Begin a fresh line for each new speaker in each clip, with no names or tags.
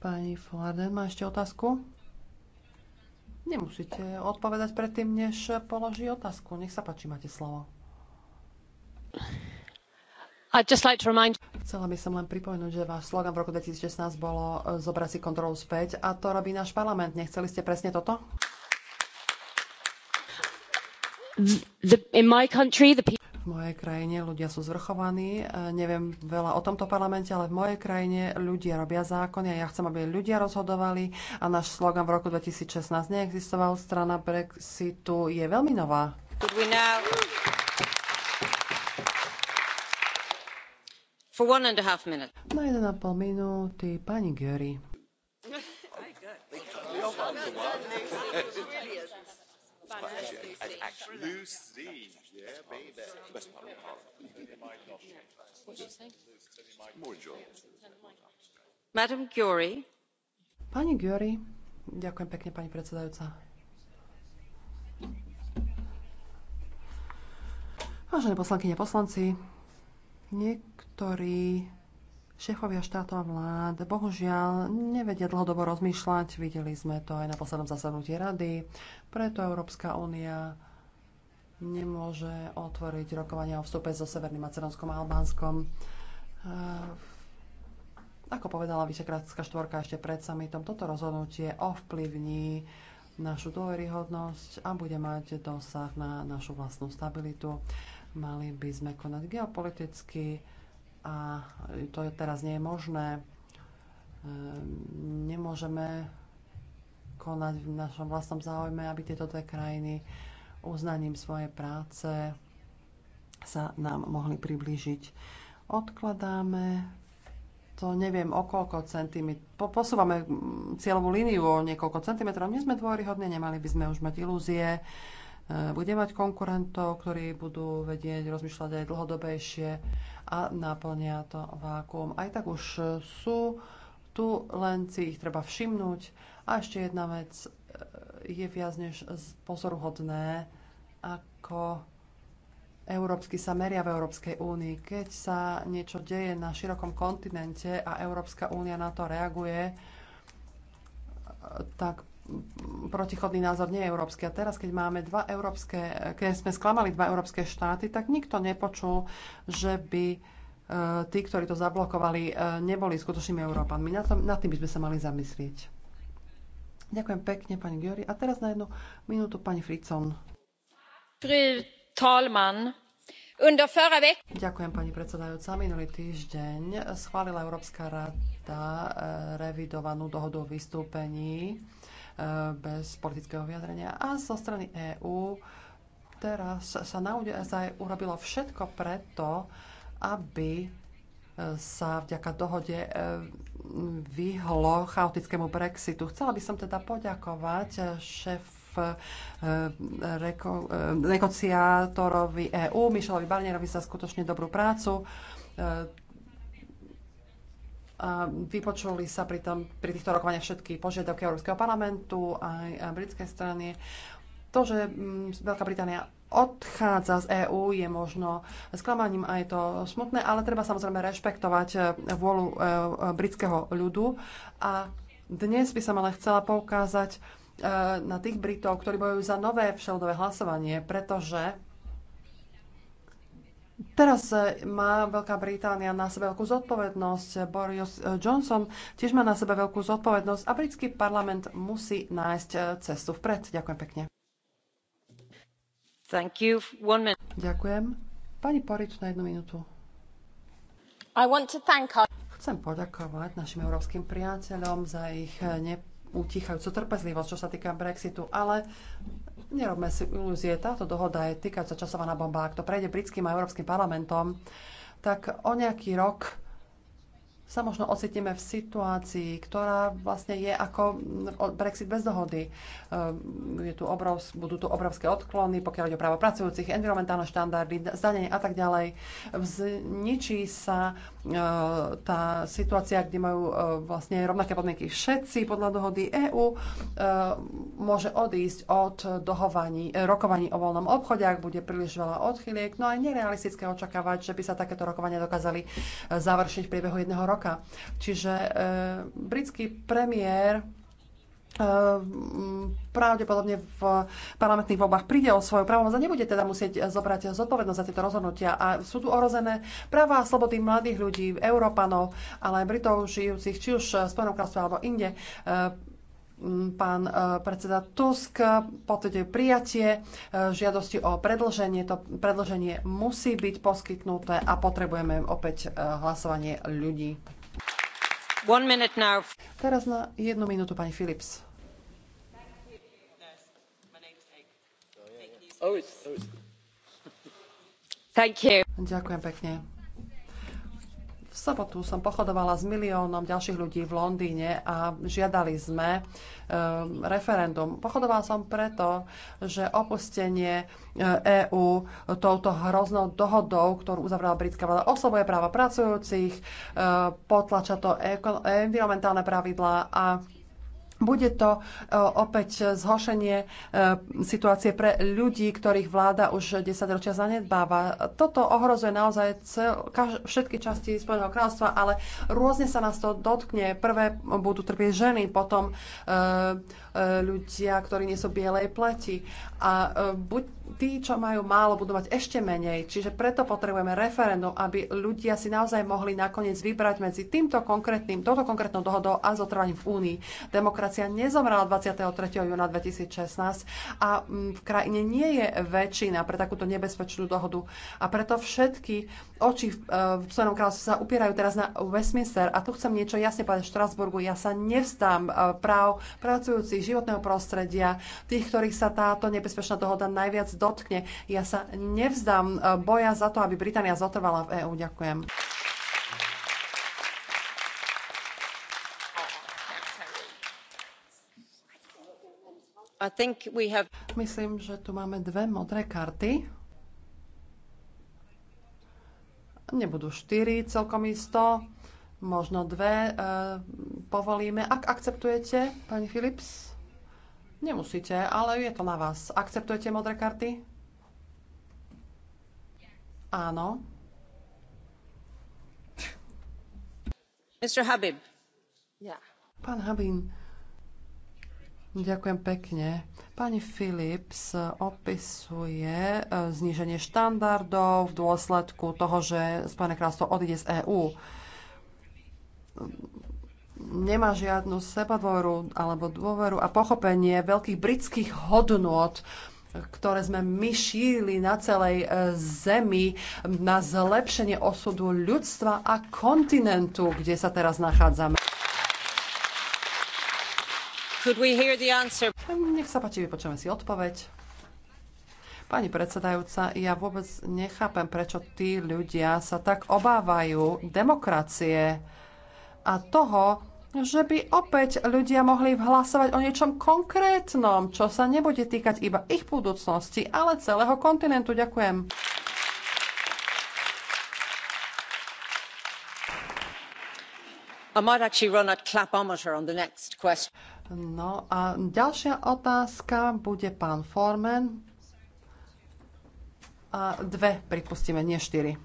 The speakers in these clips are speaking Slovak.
Pani Flarden má ešte otázku? Nemusíte odpovedať predtým, než položí otázku. Nech sa páči, máte slovo. I'd just Like to remind... Chcela by som len pripomenúť, že váš slogan v roku 2016 bolo e, zobrať si kontrolu späť a to robí náš parlament. Nechceli ste presne toto? The, in my country, the... people v mojej krajine ľudia sú zvrchovaní. E, neviem veľa o tomto parlamente, ale v mojej krajine ľudia robia zákony a ja chcem, aby ľudia rozhodovali. A náš slogan v roku 2016 neexistoval. Strana Brexitu je veľmi nová. Na jeden a pol minúty pani gery.
But actually, actually
Lucy, yeah, baby. Best part of the parliament. What do you think? More enjoyable. Madam Gyuri.
Pani Gyuri. Ďakujem pekne, pani predsedajúca. Vážené poslankyne, poslanci, niektorí Šéfovia štátov a vlád bohužiaľ nevedia dlhodobo rozmýšľať. Videli sme to aj na poslednom zasadnutí rady. Preto Európska únia nemôže otvoriť rokovania o vstupe so Severným Macedónskom a Albánskom. Eh, ako povedala Vyšekrátska štvorka ešte pred samitom, toto rozhodnutie ovplyvní našu dôveryhodnosť a bude mať dosah na našu vlastnú stabilitu. Mali by sme konať geopoliticky, a to teraz nie je možné. Ehm, nemôžeme konať v našom vlastnom záujme, aby tieto dve krajiny uznaním svojej práce sa nám mohli priblížiť. Odkladáme to neviem o koľko centimetrov. Po, posúvame mm, cieľovú líniu o niekoľko centimetrov. Nie sme dôryhodní, nemali by sme už mať ilúzie. Ehm, Budeme mať konkurentov, ktorí budú vedieť rozmýšľať aj dlhodobejšie a naplnia to vákuum. Aj tak už sú tu, len si ich treba všimnúť. A ešte jedna vec e, je viac než pozoruhodné, ako európsky sa meria v Európskej únii. Keď sa niečo deje na širokom kontinente a Európska únia na to reaguje, e, tak protichodný názor nie je európsky. A teraz, keď máme dva európske, keď sme sklamali dva európske štáty, tak nikto nepočul, že by e, tí, ktorí to zablokovali, e, neboli skutočnými Európanmi. Na to, nad tým by sme sa mali zamyslieť. Ďakujem pekne, pani Giori. A teraz na jednu minútu pani Fricon.
talman,
Ďakujem, pani predsedajúca. Minulý týždeň schválila Európska rada e, revidovanú dohodu o vystúpení Eh, bez politického vyjadrenia. A zo strany EÚ teraz sa naozaj urobilo všetko preto, aby eh, sa vďaka dohode eh, vyhlo chaotickému Brexitu. Chcela by som teda poďakovať šéf reko, negociátorovi EÚ, Michelovi Barnierovi za skutočne dobrú prácu. Vypočuli sa pri, tom, pri týchto rokovaniach všetky požiadavky Európskeho parlamentu aj britskej strany. To, že mm, Veľká Británia odchádza z EÚ je možno sklamaním a je to smutné, ale treba samozrejme rešpektovať e, vôľu e, e, britského ľudu. A dnes by som ale chcela poukázať na tých Britov, ktorí bojujú za nové všeldové hlasovanie, pretože Teraz eh, má Veľká Británia na sebe veľkú zodpovednosť. Boris eh, Johnson tiež má na sebe veľkú zodpovednosť a britský parlament musí nájsť eh, cestu vpred. Ďakujem pekne.
Thank you. One
minute. Ďakujem. Pani Porič na jednu minútu. I want to thank our... Chcem poďakovať našim európskym priateľom za ich ne utichajúcu trpezlivosť, čo sa týka Brexitu, ale Nerobme si ilúzie, táto dohoda je týkajúca časovaná bomba. Ak to prejde britským a európskym parlamentom, tak o nejaký rok sa možno ocitneme v situácii, ktorá vlastne je ako Brexit bez dohody. Ehm, je tu obrovs, budú tu obrovské odklony, pokiaľ ide o právo pracujúcich, environmentálne štandardy, zdanenie a tak ďalej. Zničí sa E, tá situácia, kde majú e, vlastne rovnaké podmienky všetci podľa dohody EÚ, e, môže odísť od dohovaní, rokovaní o voľnom obchode, ak bude príliš veľa odchyliek. No a nerealistické očakávať, že by sa takéto rokovania dokázali završiť v priebehu jedného roka. Čiže britský premiér E, pravdepodobne v parlamentných voľbách príde o svoju právomoc a nebude teda musieť zobrať zodpovednosť za tieto rozhodnutia. A sú tu orozené práva a slobody mladých ľudí, Európanov, ale aj Britov žijúcich či už v Spojenom alebo inde e, pán e, predseda Tusk potvrdil prijatie žiadosti o predlženie. To predlženie musí byť poskytnuté a potrebujeme opäť hlasovanie ľudí.
One minute
now.
Teraz na jednu minútu pani Philips. Ďakujem pekne. V sobotu som pochodovala s miliónom ďalších ľudí v Londýne a žiadali sme um, referendum. Pochodovala som preto, že opustenie EÚ eh, e touto hroznou dohodou, ktorú uzavrela britská vláda, oslovuje práva pracujúcich, uh, potlača to environmentálne pravidlá a bude to e, opäť zhoršenie e, situácie pre ľudí, ktorých vláda už 10 ročia zanedbáva. Toto ohrozuje naozaj cel, kaž, všetky časti Spojeného kráľstva, ale rôzne sa nás to dotkne. Prvé budú trpieť ženy, potom e, e, ľudia, ktorí nie sú bielej pleti. A e, buď tí, čo majú málo, budú mať ešte menej. Čiže preto potrebujeme referendum, aby ľudia si naozaj mohli nakoniec vybrať medzi týmto konkrétnym, touto konkrétnou dohodou a zotrvaním v Únii. Demokracia nezomrela 23. júna 2016 a mm, v krajine nie je väčšina pre takúto nebezpečnú dohodu. A preto všetky oči v členom e, kráľovstve sa upierajú teraz na Westminster. A tu chcem niečo jasne povedať v Štrasburgu. Ja sa nevstám e, práv pracujúcich, životného prostredia, tých, ktorých sa táto nebezpečná dohoda najviac dotkne. Ja sa nevzdám e, boja za to, aby Británia zotrvala v EÚ. Ďakujem. Have... Myslím, že tu máme dve modré karty. Nebudú štyri celkom isto, možno dve e, povolíme. Ak akceptujete, pani Philips? Nemusíte, ale je to na vás. Akceptujete modré karty? Áno.
Mr. Habib. Yeah.
Pán Habib, Ďakujem pekne. Pani Philips opisuje e, zníženie štandardov v dôsledku toho, že Spojené kráľstvo odíde z EÚ nemá žiadnu sebavoru alebo dôveru a pochopenie veľkých britských hodnôt, ktoré sme my šírili na celej e, Zemi na zlepšenie osudu ľudstva a kontinentu, kde sa teraz nachádzame. Nech sa páči, vypočujeme si odpoveď. Pani predsedajúca, ja vôbec nechápem, prečo tí ľudia sa tak obávajú demokracie a toho, že by opäť ľudia mohli hlasovať o niečom konkrétnom, čo sa nebude týkať iba ich budúcnosti, ale celého kontinentu. Ďakujem. I might actually run a clapometer on the next question. No a ďalšia otázka bude pán Forman. A dve pripustíme, nie štyri.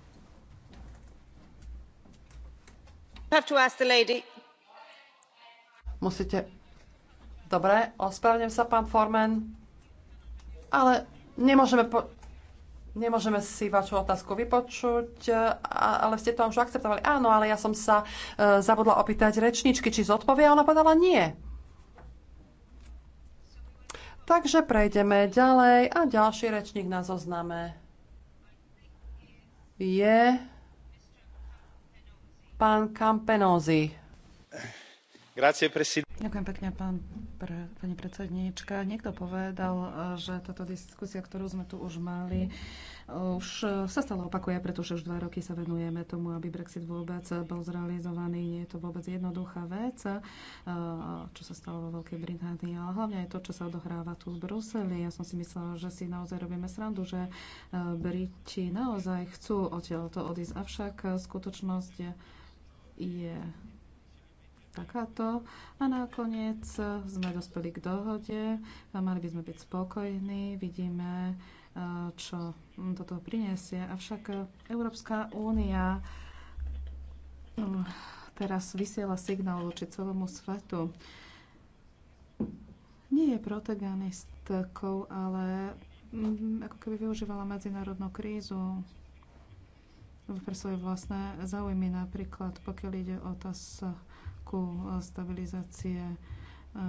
have to ask the lady
Musíte... Dobre, ospravedlňujem sa, pán Formen, ale nemôžeme, po... nemôžeme si vašu otázku vypočuť, ale ste to už akceptovali. Áno, ale ja som sa e, zabudla opýtať rečničky, či zodpovie, a ona povedala nie. Takže prejdeme ďalej a ďalší rečník na zozname je
pán Campenozzi.
Ďakujem
pekne, pán, pre, pani predsedníčka. Niekto povedal, že táto diskusia, ktorú sme tu už mali, už sa stále opakuje, pretože už dva roky sa venujeme tomu, aby Brexit vôbec bol zrealizovaný. Nie je to vôbec jednoduchá vec, čo sa stalo vo Veľkej Británii, ale hlavne aj to, čo sa odohráva tu v Bruseli. Ja som si myslela, že si naozaj robíme srandu, že Briti naozaj chcú odtiaľto odísť, avšak skutočnosť je takáto. A nakoniec sme dospeli k dohode. Mali by sme byť spokojní. Vidíme, eh, čo toto prinesie. Avšak Európska únia eh, teraz vysiela signál voči celému svetu. Nie je protagonistkou, ale mm, ako keby využívala medzinárodnú krízu pre svoje vlastné záujmy, napríklad pokiaľ ide o otázku prvku eh, stabilizácie eh,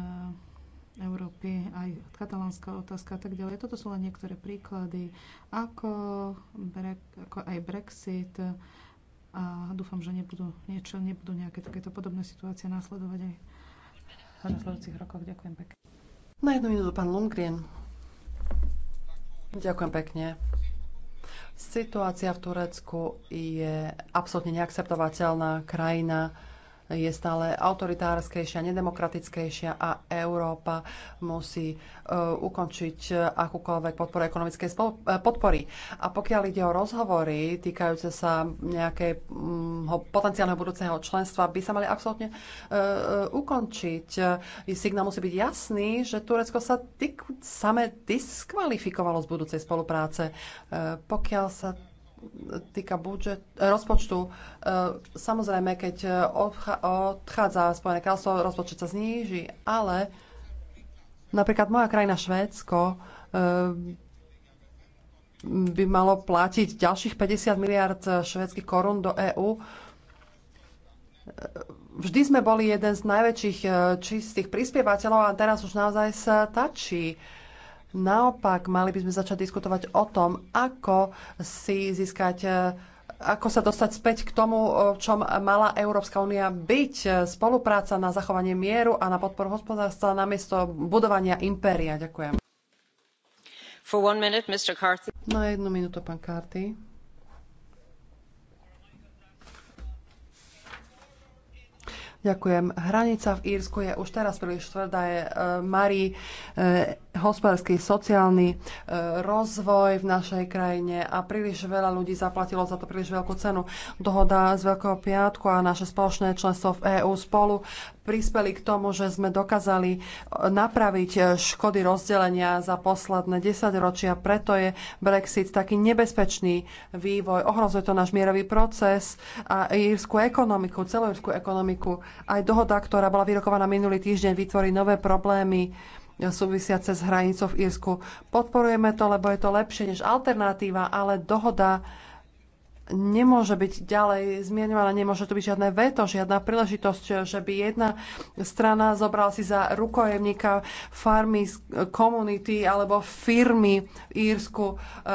Európy, aj katalánska otázka a tak ďalej. Toto sú len niektoré príklady, ako, bre, ako aj Brexit eh, a dúfam, že nebudú, niečo, nebudú nejaké takéto podobné situácie následovať aj v nasledujúcich rokoch. Ďakujem pekne.
Na jednu minútu pán Lundgren. Ďakujem pekne. Situácia v Turecku je absolútne neakceptovateľná krajina je stále autoritárskejšia, nedemokratickejšia a Európa musí e, ukončiť e, akúkoľvek podporu ekonomickej e, podpory. A pokiaľ ide o rozhovory týkajúce sa nejakého mm, potenciálneho budúceho členstva, by sa mali absolútne ukončiť. Signál musí byť jasný, že Turecko sa samé diskvalifikovalo z budúcej spolupráce. Pokiaľ sa týka budžet, eh, rozpočtu, eh, samozrejme, keď eh, odchádza Spojené kráľstvo, rozpočet sa zníži, ale napríklad moja krajina Švédsko by malo platiť ďalších 50 miliard švédskych korún do EÚ. Vždy sme boli jeden z najväčších čistých prispievateľov a teraz už naozaj sa tačí. Naopak, mali by sme začať diskutovať o tom, ako si získať e, ako sa dostať späť k tomu, e, čom mala Európska únia byť. Spolupráca na zachovanie mieru a na podporu hospodárstva namiesto budovania impéria. Ďakujem.
For one minute, Mr. Carthy.
Na jednu minútu, pán Carthy. Ďakujem. Hranica v Írsku je už teraz príliš tvrdá. Je, uh, Marie, uh, hospodársky, sociálny e, rozvoj v našej krajine a príliš veľa ľudí zaplatilo za to príliš veľkú cenu. Dohoda z Veľkého piatku a naše spoločné členstvo v EÚ spolu prispeli k tomu, že sme dokázali napraviť škody rozdelenia za posledné 10 ročia. Preto je Brexit taký nebezpečný vývoj. Ohrozuje to náš mierový proces a írskú ekonomiku, celú írskú ekonomiku. Aj dohoda, ktorá bola vyrokovaná minulý týždeň, vytvorí nové problémy súvisiace s hranicou v Írsku. Podporujeme to, lebo je to lepšie než alternatíva, ale dohoda nemôže byť ďalej zmierňovaná, nemôže to byť žiadne veto, žiadna príležitosť, že by jedna strana zobrala si za rukojemníka farmy, komunity alebo firmy v Írsku. E,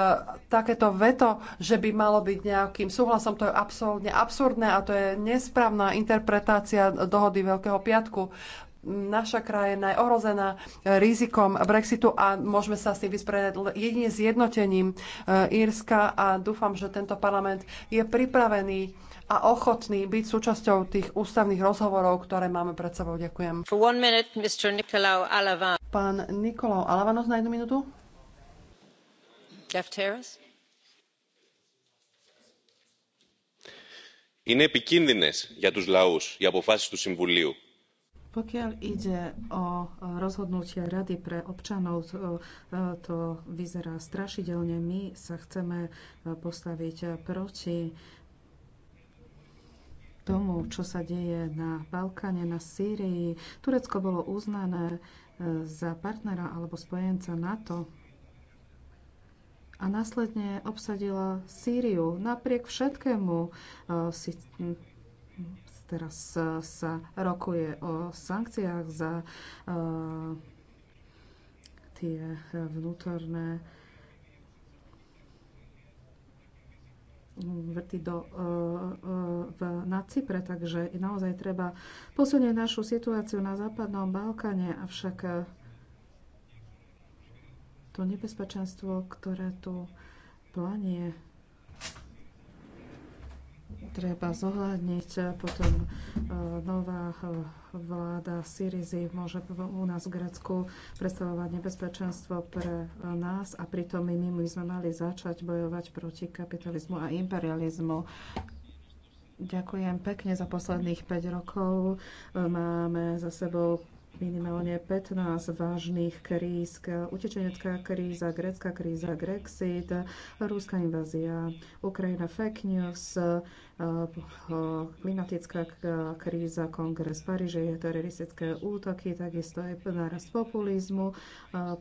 takéto veto, že by malo byť nejakým súhlasom, to je absolútne absurdné a to je nesprávna interpretácia dohody Veľkého piatku naša krajina je ohrozená eh, rizikom Brexitu a môžeme sa s tým vysporiadať jedine s jednotením eh, Írska a dúfam, že tento parlament je pripravený a ochotný byť súčasťou tých ústavných rozhovorov, ktoré máme pred sebou. Ďakujem.
Minute, Nicolau
Pán Nikolau Alavanos na jednu minútu.
Είναι επικίνδυνες για τους λαούς οι αποφάσεις του Συμβουλίου pokiaľ ide o rozhodnutie Rady pre občanov, to, to vyzerá strašidelne. My sa chceme postaviť proti tomu, čo sa deje na Balkáne, na Sýrii. Turecko bolo uznané e, za partnera alebo spojenca NATO a následne obsadila Sýriu. Napriek všetkému e, si Teraz e, sa rokuje o sankciách za e, tie vnútorné vrty do, e, v, Nacipre. takže naozaj treba posunieť našu situáciu na západnom Balkáne, avšak to nebezpečenstvo, ktoré tu planie treba zohľadniť. Potom e, nová e, vláda Syrizy môže u nás v Grecku predstavovať nebezpečenstvo pre e, nás a pritom my, my sme mali začať bojovať proti kapitalizmu a imperializmu. Ďakujem pekne za posledných 5 rokov. Máme za sebou minimálne 15 vážnych kríz. Utečenecká kríza, grecká kríza, Grexit, rúska invázia, Ukrajina fake news, klimatická kríza, kongres v Paríži, teroristické útoky, takisto je nárast populizmu,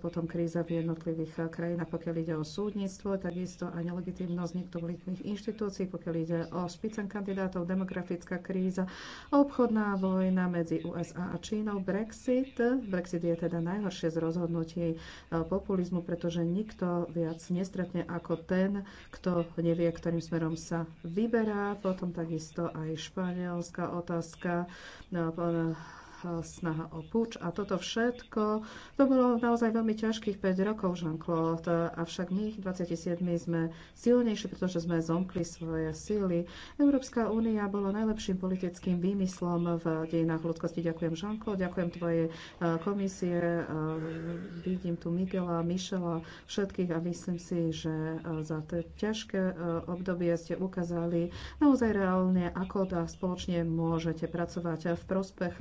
potom kríza v jednotlivých krajinách, pokiaľ ide o súdnictvo, takisto aj nelegitimnosť niektorých inštitúcií, pokiaľ ide o špicen kandidátov, demografická kríza, obchodná vojna medzi USA a Čínou, Brexit. Brexit je teda najhoršie z rozhodnutí e, populizmu, pretože nikto viac nestretne ako ten, kto nevie, ktorým smerom sa vyberá. Po potom takisto aj španielská otázka. No, Pána Eh, snaha o puč a toto všetko. To bolo naozaj veľmi ťažkých 5 rokov, Jean-Claude, avšak my 27 sme silnejší, pretože sme zomkli svoje síly. Európska únia bola najlepším politickým výmyslom v dejinách ľudskosti. Ďakujem, Jean-Claude, ďakujem tvojej eh, komisie. Eh, vidím tu Miguela, Mišela, všetkých a myslím si, že za to ťažké obdobie ste ukázali naozaj reálne, ako dá spoločne môžete pracovať v prospech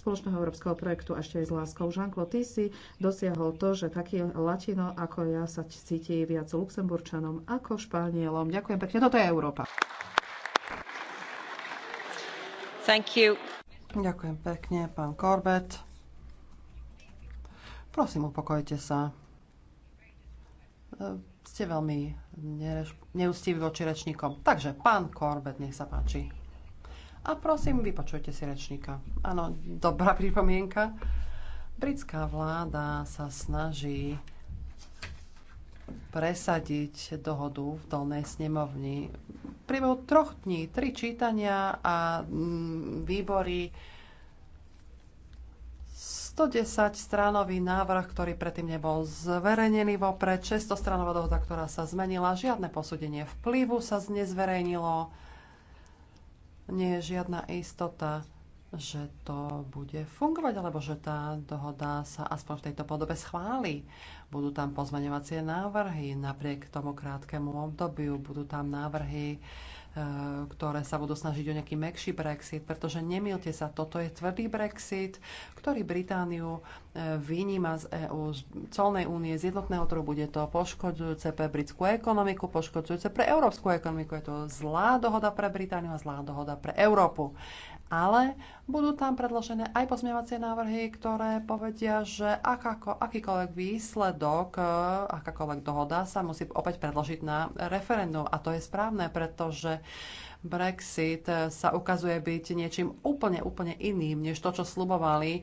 spoločného európskeho projektu ešte aj s láskou. Jean-Claude, ty si dosiahol to, že taký latino ako ja sa cíti viac Luxemburčanom ako Španielom. Ďakujem pekne, toto je Európa. Thank you. Ďakujem pekne, pán Corbett.
Prosím, upokojte sa. Ste veľmi neústiví voči rečníkom. Takže, pán Corbett, nech sa páči. A prosím, vypočujte si rečníka. Áno, dobrá pripomienka. Britská vláda sa snaží presadiť dohodu v dolnej snemovni. Priebehu troch dní, tri čítania a mm, výbory 110 stranový návrh, ktorý predtým nebol zverejnený vopred, 600 stranová dohoda, ktorá sa zmenila, žiadne posúdenie vplyvu sa nezverejnilo nie je žiadna istota, že to bude fungovať, alebo že tá dohoda sa aspoň v tejto podobe schváli. Budú tam pozmaňovacie návrhy napriek tomu krátkemu obdobiu, budú tam návrhy Eh, ktoré sa budú snažiť o nejaký mekší Brexit, pretože nemilte sa, toto je tvrdý Brexit, ktorý Britániu eh, vyníma z EÚ, z colnej únie, z jednotného trhu. Bude to poškodzujúce pre britskú ekonomiku, poškodzujúce pre európsku ekonomiku. Je to zlá dohoda pre Britániu a zlá dohoda pre Európu ale budú tam predložené aj pozmievacie návrhy, ktoré povedia, že akáko, akýkoľvek výsledok, e, akákoľvek dohoda sa musí opäť predložiť na referendum. A to je správne, pretože Brexit e, sa ukazuje byť niečím úplne, úplne iným, než to, čo slubovali e,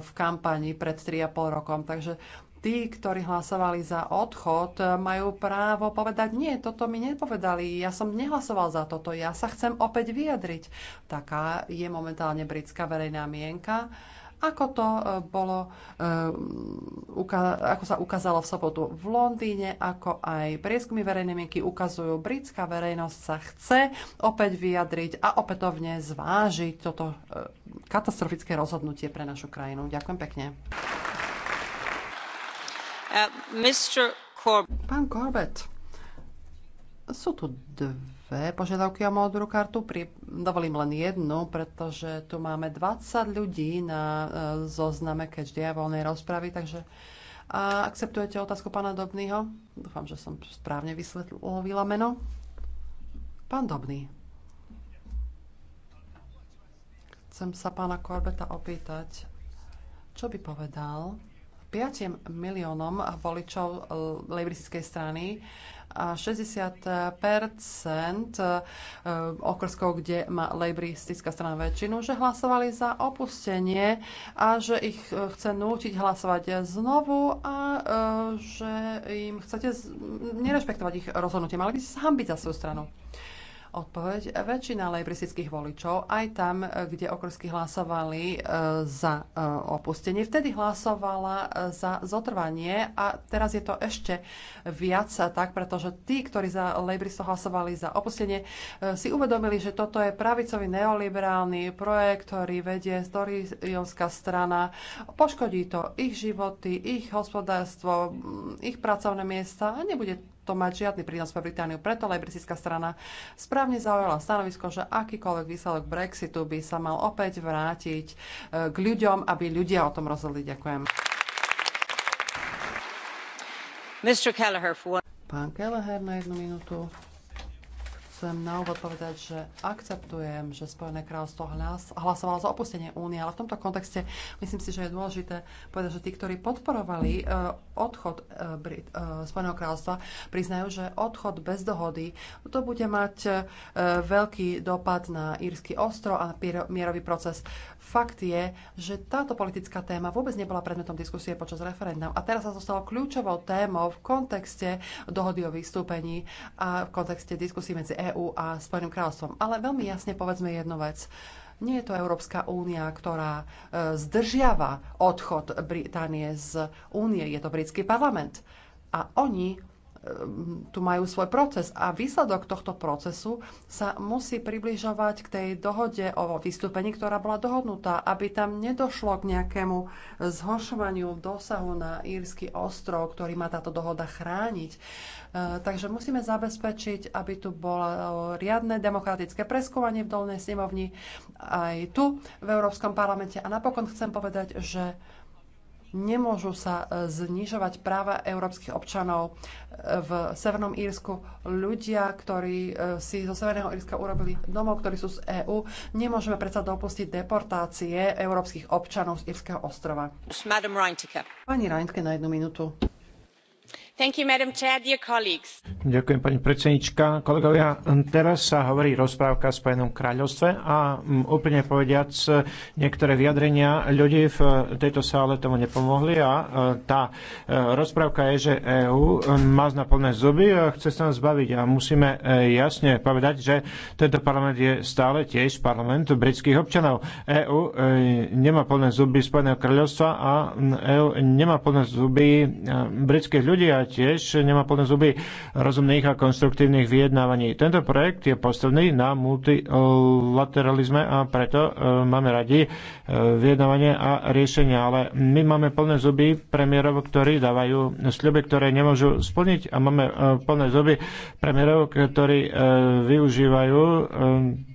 v kampani pred 3,5 rokom. Takže tí, ktorí hlasovali za odchod, majú právo povedať, nie, toto mi nepovedali, ja som nehlasoval za toto, ja sa chcem opäť vyjadriť. Taká je momentálne britská verejná mienka. Ako to e, bolo, e, ako sa ukázalo v sobotu v Londýne, ako aj prieskumy verejnej mienky ukazujú, britská verejnosť sa chce opäť vyjadriť a opätovne zvážiť toto e, katastrofické rozhodnutie pre našu krajinu. Ďakujem pekne. Uh, Pán Corbett, sú tu dve požiadavky o modrú kartu. Pri, dovolím len jednu, pretože tu máme 20 ľudí na e, zozname catch je voľnej rozpravy, takže a akceptujete otázku pána Dobného? Dúfam, že som správne vysvetlila meno. Pán Dobný. Chcem sa pána Korbeta opýtať, čo by povedal, 5 miliónom voličov eh, lejbristickej strany a 60 eh, okrskov, kde má lejbristická strana väčšinu, že hlasovali za opustenie a že ich eh, chce nútiť hlasovať znovu a že im chcete nerešpektovať ich rozhodnutie. Mali by si sa hambiť za svoju stranu odpoveď. Väčšina lejbristických voličov, aj tam, e, kde okrsky hlasovali e, za e, opustenie, vtedy hlasovala za zotrvanie a teraz je to ešte viac tak, pretože tí, ktorí za lejbristov hlasovali za opustenie, si uvedomili, že toto je pravicový neoliberálny projekt, ktorý vedie Storijovská strana. Poškodí to ich životy, ich hospodárstvo, ich pracovné miesta a nebude to mať žiadny prínos pre Britániu. Preto lejbristická strana správne zaujala stanovisko, že akýkoľvek výsledok Brexitu by sa mal opäť vrátiť e, k ľuďom, aby ľudia o tom rozhodli. Ďakujem.
Mr. Kelleher, for...
Pán Kelleher na jednu minútu chcem na úvod povedať, že akceptujem, že Spojené kráľstvo hlas, hlasovalo za opustenie únie, ale v tomto kontexte myslím si, že je dôležité povedať, že tí, ktorí podporovali e, odchod e, Brit, e, Spojeného kráľovstva, priznajú, že odchod bez dohody to bude mať veľký dopad na Írsky ostrov a mierový proces. Fakt je, že táto politická téma vôbec nebola predmetom diskusie počas referenda a teraz sa zostalo kľúčovou témou v kontexte dohody o vystúpení a v kontexte diskusí medzi EÚ EÚ a Spojeným kráľovstvom. Ale veľmi jasne povedzme jednu vec. Nie je to Európska únia, ktorá e, zdržiava odchod Británie z únie, je to britský parlament. A oni tu majú svoj proces a výsledok tohto procesu sa musí približovať k tej dohode o vystúpení, ktorá bola dohodnutá, aby tam nedošlo k nejakému zhoršovaniu dosahu na Írsky ostrov, ktorý má táto dohoda chrániť. E, takže musíme zabezpečiť, aby tu bolo riadne demokratické preskovanie v dolnej snemovni aj tu v Európskom parlamente. A napokon chcem povedať, že Nemôžu sa e, znižovať práva európskych občanov. E, v Severnom Írsku ľudia, ktorí e, si zo Severného Írska urobili domov, ktorí sú z EÚ, nemôžeme predsa dopustiť deportácie európskych občanov z Írskeho ostrova. Pani Reintke na jednu minútu.
Ďakujem, pani predsednička. Kolegovia, teraz sa hovorí rozprávka v Spojenom kráľovstve a úplne povediac, niektoré vyjadrenia ľudí v tejto sále tomu nepomohli a e, tá e, rozprávka je, že EÚ e, má na plné zuby a chce sa nás zbaviť a musíme jasne povedať, že tento parlament je stále tiež parlament britských občanov. EÚ nemá plné zuby Spojeného kráľovstva a EÚ nemá plné zuby britských ľudí a tiež nemá plné zuby rozumných a konstruktívnych vyjednávaní. Tento projekt je postavný na multilateralizme a preto e, máme radi e, vyjednávanie a riešenia, ale my máme plné zuby premiérov, ktorí dávajú sľuby, ktoré nemôžu splniť a máme e, plné zuby premiérov, ktorí využívajú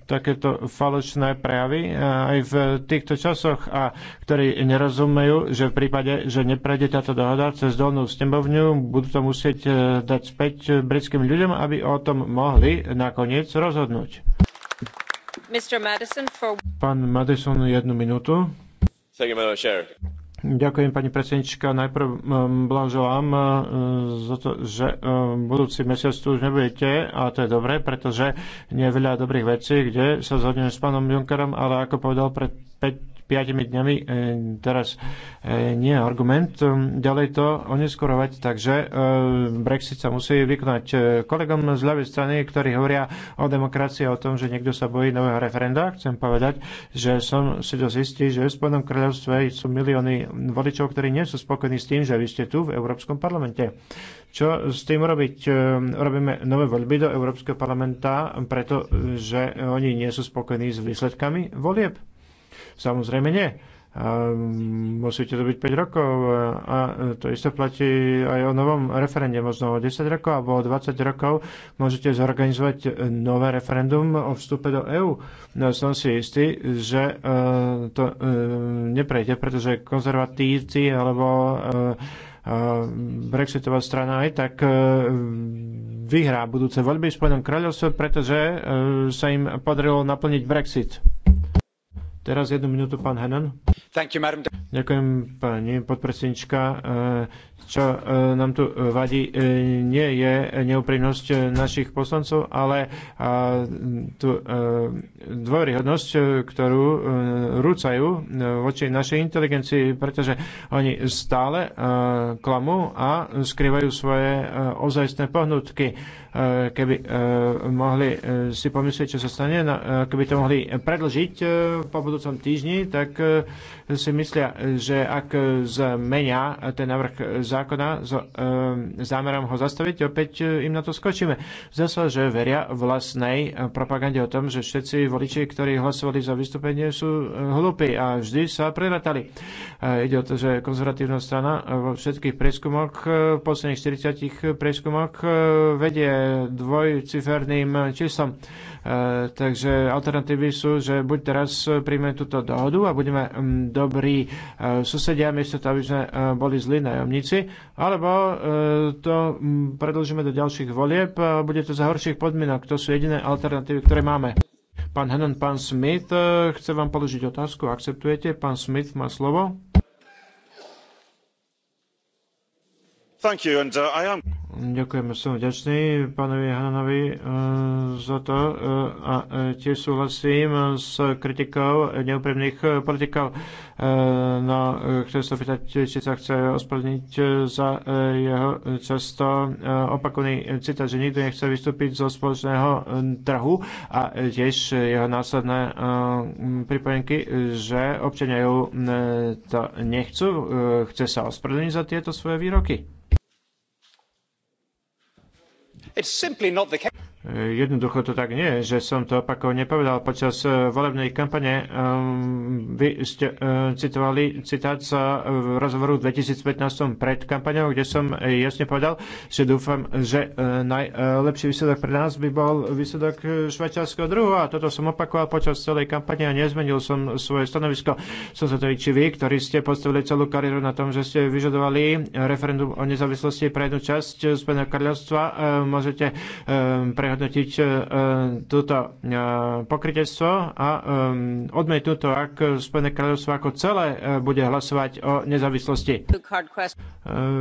takéto falošné prejavy e, aj v týchto časoch a ktorí nerozumejú, že v prípade, že neprejde táto dohoda cez dolnú snemovňu, budú to musieť e, dať späť britským ľuďom, aby o tom mohli nakoniec rozhodnúť. Mr. Madison for... Pán Madison, jednu minútu. Ďakujem, pani predsednička. Najprv um, blahoželám uh, za to, že um, budúci mesiac tu už nebudete a to je dobré, pretože nie je veľa dobrých vecí, kde sa zhodneme s pánom Junckerom, ale ako povedal pred 5 piatimi dňami e, teraz e, nie je argument e, ďalej to oneskorovať, takže Brexit sa musí vykonať kolegom z ľavej strany, ktorí hovoria o demokracii a o tom, že niekto sa bojí nového referenda. Chcem povedať, že som si dosť istý, že v Spojenom kráľovstve sú milióny voličov, ktorí nie sú spokojní s tým, že vy ste tu v Európskom parlamente. Čo s tým robiť? Robíme nové voľby do Európskeho parlamenta, pretože oni nie sú spokojní s výsledkami volieb. Samozrejme nie. A mm, musíte to byť 5 rokov a to isté platí aj o novom referende, možno o 10 rokov alebo o 20 rokov môžete zorganizovať nové referendum o vstupe do EÚ. No, som si istý, že e, to e, neprejde, pretože konzervatívci alebo e, Brexitová strana aj tak vyhrá budúce voľby v Spojenom kráľovstve, pretože sa im podarilo naplniť Brexit. Teraz jednu minútu, pán Henan. Ďakujem, pani podpredsednička. E, čo e, nám tu vadí, e, nie je neúprimnosť našich poslancov, ale tu dôveryhodnosť, ktorú rúcajú voči našej inteligencii, pretože oni stále klamú a skrývajú svoje ozajstné pohnutky Eh, keby eh, mohli eh, si pomyslieť, čo sa stane, keby to mohli predlžiť po budúcom týždni, tak si myslia, že ak zmenia ten návrh zákona s zámerom ho zastaviť, opäť im na to skočíme. Zdá sa, že veria vlastnej propagande o tom, že všetci voliči, ktorí hlasovali za vystúpenie, sú hlúpi a vždy sa preratali. Ide o to, že konzervatívna strana vo všetkých prieskumoch, v posledných 40 prieskumoch vedie dvojciferným číslom. E, takže alternatívy sú, že buď teraz príjme túto dohodu a budeme mm, dobrí e, susedia, miesto toho, aby sme e, boli zlí najomníci, alebo to mm, predlžíme do ďalších volieb a bude to za horších podmienok. To sú jediné alternatívy, ktoré máme. Pán Henon, pán Smith, chce vám položiť otázku, akceptujete? Pán Smith má slovo. Ďakujeme, som vďačný pánovi Hananovi eh, za to eh, a eh, tiež súhlasím s kritikou neúprimných politikov. No, chcem sa pýtať, či sa chce ospravedlniť za jeho často opakovaný citát, že nikto nechce vystúpiť zo spoločného trhu a tiež jeho následné pripojenky, že občania ju to nechcú. Chce sa ospravedlniť za tieto svoje výroky? it's simply not the case. Jednoducho to tak nie, že som to opakovane povedal počas eh, volebnej kampane. Ehm, vy ste eh, citovali citát sa v eh, rozhovoru v 2015 pred kampaňou, kde som jasne povedal, že dúfam, že najlepší výsledok pre nás by bol výsledok švajčiarského druhu a toto som opakoval počas celej kampane a nezmenil som svoje stanovisko. Som sa to či vy, ktorí ste postavili celú kariéru na tom, že ste vyžadovali referendum o nezávislosti pre jednu časť Spojeného kráľovstva, môžete prehodnúť prehodnotiť uh, e, e, pokrytectvo a e, odmietnú to, ak Spojené kráľovstvo ako celé bude hlasovať o nezávislosti.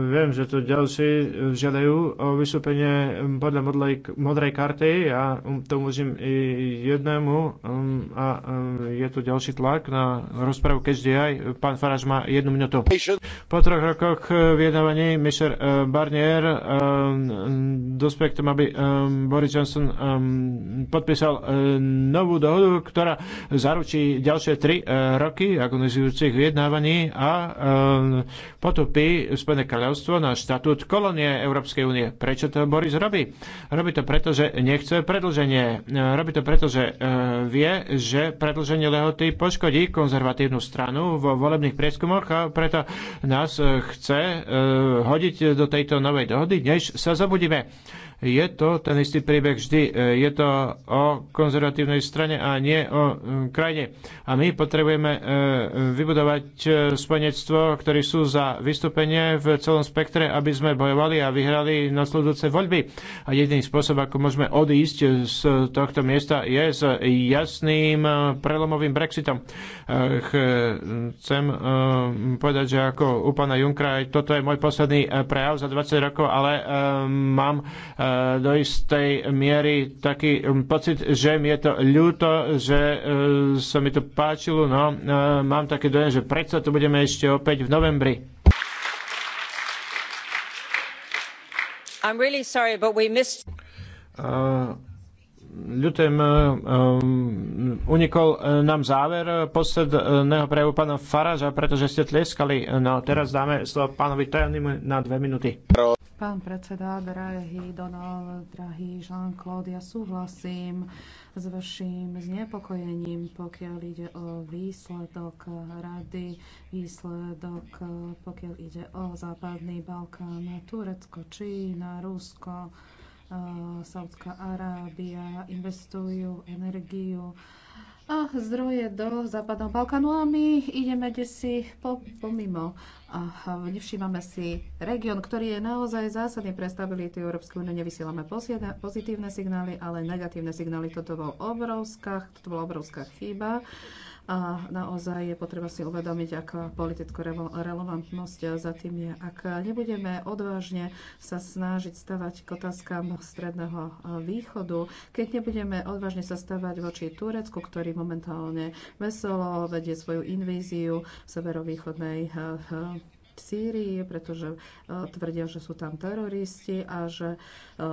Viem, že tu ďalší žiadajú o vystúpenie podľa modlej, modrej karty a to môžem i jednému um, a um, je tu ďalší tlak na rozpravu každý aj. Pán Faraž má jednu minútu. Po troch rokoch vyjednávaní Mr. Barnier dospel k tomu, aby Boris Johnson um, podpísal uh, novú dohodu, ktorá zaručí ďalšie tri uh, roky agonizujúcich vyjednávaní a um, potopí Spojené kráľovstvo na štatút kolónie Európskej únie. Prečo to Boris robí? Robí to preto, že nechce predlženie. Uh, robí to preto, že uh, vie, že predlženie lehoty poškodí konzervatívnu stranu vo volebných prieskumoch a preto nás uh, chce uh, hodiť do tejto novej dohody, než sa zabudíme. Je to ten istý príbeh príbeh vždy. E, je to o konzervatívnej strane a nie o krajine. A my potrebujeme e, vybudovať e, spojenectvo, ktorí sú za vystúpenie v celom spektre, aby sme bojovali a vyhrali nasledujúce voľby. A jediný spôsob, ako môžeme odísť z tohto miesta, je s jasným prelomovým Brexitom. Chcem povedať, že ako u pána Junkra, toto je môj posledný prejav za 20 rokov, ale mám do istej miery taký um, pocit, že mi je to ľúto, že uh, sa mi to páčilo, no uh, mám taký dojem, že predsa to budeme ešte opäť v novembri. I'm really sorry, but we missed... Uh ľutujem, e, e, unikol e, nám záver posledného prejavu pána Faraža, pretože ste tlieskali. No teraz dáme slovo pánovi Tajanimu na dve minúty.
Pán predseda, drahý Donald, drahý Jean-Claude, ja súhlasím s vašim znepokojením, pokiaľ ide o výsledok rady, výsledok, pokiaľ ide o Západný Balkán, Turecko, Čína, Rusko, Eh, Saudská Arábia investujú energiu a zdroje do Západného Balkánu a my ideme desi po, pomimo a nevšímame si región, ktorý je naozaj zásadný pre stabilitu Európskej únie. Nevysielame pozitívne signály, ale negatívne signály. Toto bol obrovská, toto bola obrovská chyba. A naozaj je potreba si uvedomiť, aká politická relevantnosť za tým je. Ak nebudeme odvážne sa snažiť stavať k otázkam Stredného východu, keď nebudeme odvážne sa stavať voči Turecku, ktorý momentálne veselo vedie svoju invíziu severovýchodnej Sýrii, pretože e, tvrdia, že sú tam teroristi a že e,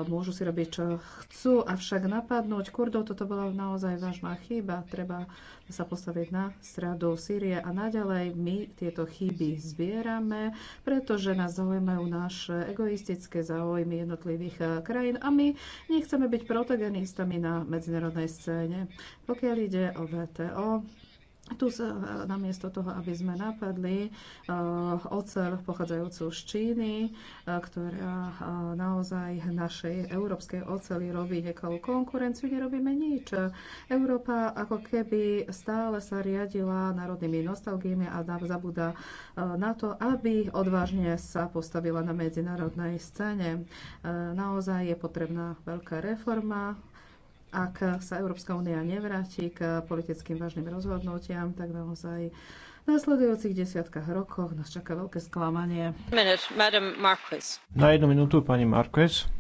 môžu si robiť, čo chcú. Avšak napadnúť Kurdov, toto bola naozaj vážna chyba. Treba sa postaviť na stradu Sýrie a naďalej my tieto chyby zbierame, pretože nás zaujímajú naše egoistické záujmy jednotlivých e, krajín a my nechceme byť protagonistami na medzinárodnej scéne. Pokiaľ ide o VTO, tu sa e, namiesto toho, aby sme napadli uh, oceľ pochádzajúcu z Číny, uh, ktorá uh, naozaj našej európskej oceli robí nekalú konkurenciu, nerobíme nič. Európa ako keby stále sa riadila národnými nostalgiami a zabúda uh, na to, aby odvážne sa postavila na medzinárodnej scéne. Uh, naozaj je potrebná veľká reforma ak sa Európska únia nevráti k politickým vážnym rozhodnutiam, tak naozaj v následujúcich desiatkách rokoch nás čaká veľké sklamanie.
Na jednu minútu pani Marquez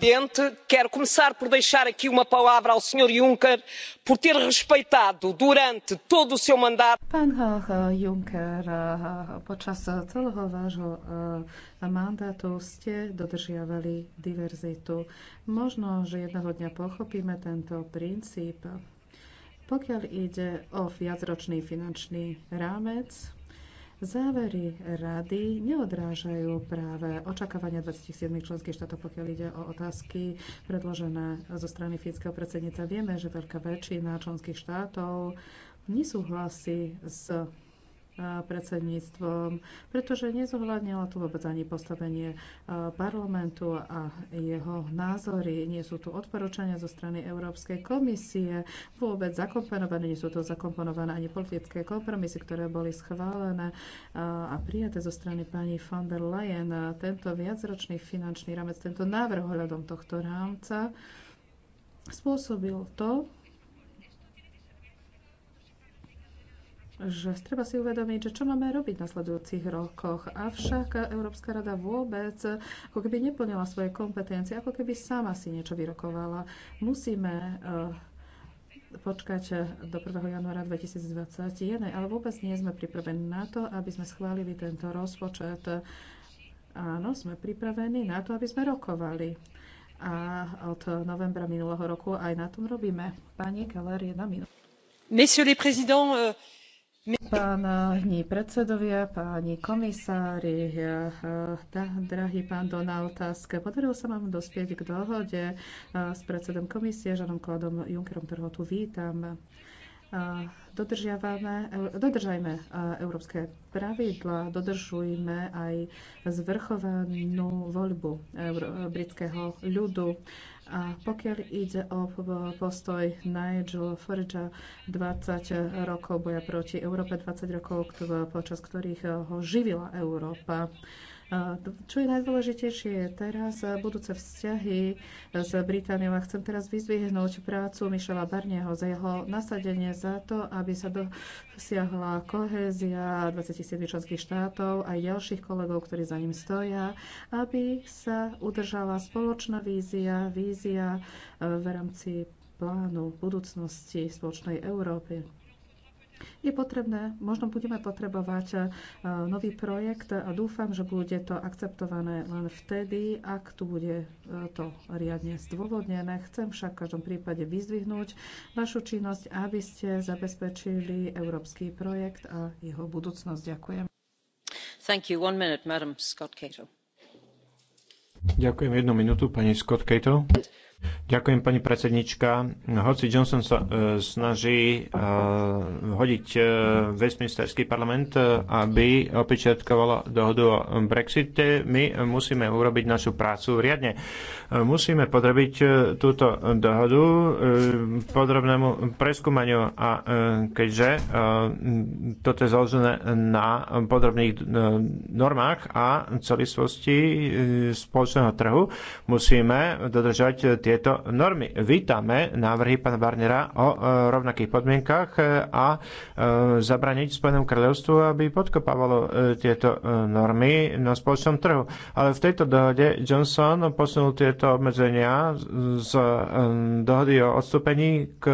presidente quero começar por deixar aqui uma palavra ao senhor Juncker por ter respeitado durante todo o seu mandato. Pán Juncker, počas Možno, že jedného dňa pochopíme tento princíp. Pokiaľ ide o viacročný finančný rámec, Závery rady neodrážajú práve očakávania 27 členských štátov, pokiaľ ide o otázky predložené zo strany fínskeho predsednica. Vieme, že veľká väčšina členských štátov nesúhlasí s predsedníctvom, pretože nezohľadnila tu vôbec ani postavenie parlamentu a jeho názory. Nie sú tu odporúčania zo strany Európskej komisie vôbec zakomponované, nie sú tu zakomponované ani politické kompromisy, ktoré boli schválené a prijaté zo strany pani von der Leyen. Tento viacročný finančný rámec, tento návrh hľadom tohto rámca spôsobil to, že treba si uvedomiť, že čo máme robiť v nasledujúcich rokoch. Avšak Európska rada vôbec ako keby neplnila svoje kompetencie, ako keby sama si niečo vyrokovala. Musíme eh, počkať do 1. januára 2021, ale vôbec nie sme pripravení na to, aby sme schválili tento rozpočet. Áno, sme pripravení na to, aby sme rokovali. A od novembra minulého roku aj na tom robíme. Pani Keller, jedna minúta. Messieurs les présidents, euh, hní predsedovia, páni komisári, tá, drahý pán Donald Tusk, podarilo sa vám dospieť k dohode s predsedom komisie, Žanom Klodom Junckerom ktorého tu vítam. Dodržiavame, e, dodržajme európske pravidla, dodržujme aj zvrchovanú voľbu e, britského ľudu a pokiaľ ide o postoj Nigel Farage 20 rokov boja proti Európe, 20 rokov, počas ktorých ho živila Európa, čo je najdôležitejšie teraz, eh, budúce vzťahy eh, s Britániou. A chcem teraz vyzvihnúť prácu Michela Barnieho za jeho nasadenie za to, aby sa dosiahla kohézia 27 členských štátov a ďalších kolegov, ktorí za ním stoja, aby sa udržala spoločná vízia, vízia eh, v rámci plánu budúcnosti spoločnej Európy. Je potrebné, možno budeme potrebovať e, nový projekt a dúfam, že bude to akceptované len vtedy, ak tu bude e, to riadne zdôvodnené. Chcem však v každom prípade vyzdvihnúť vašu činnosť, aby ste zabezpečili európsky projekt a jeho budúcnosť. Ďakujem. Thank you. One minute, Madam Scott Cato.
Ďakujem jednu minútu, pani Scott Cato. Ďakujem, pani predsednička. Hoci Johnson sa e, snaží e, hodiť e, Westminsterský parlament, e, aby opečiatkovala dohodu o Brexite, my musíme urobiť našu prácu riadne. E, musíme podrobiť e, túto dohodu e, podrobnému preskúmaniu a e, keďže e, toto je založené na podrobných e, normách a celistvosti e, spoločného trhu, musíme dodržať tie tieto normy. Vítame návrhy pána Barnera o e, rovnakých podmienkach e, a e, zabraniť Spojenému kráľovstvu, aby podkopávalo tieto normy na spoločnom trhu. Ale v tejto dohode Johnson posunul tieto obmedzenia z dohody o odstúpení k,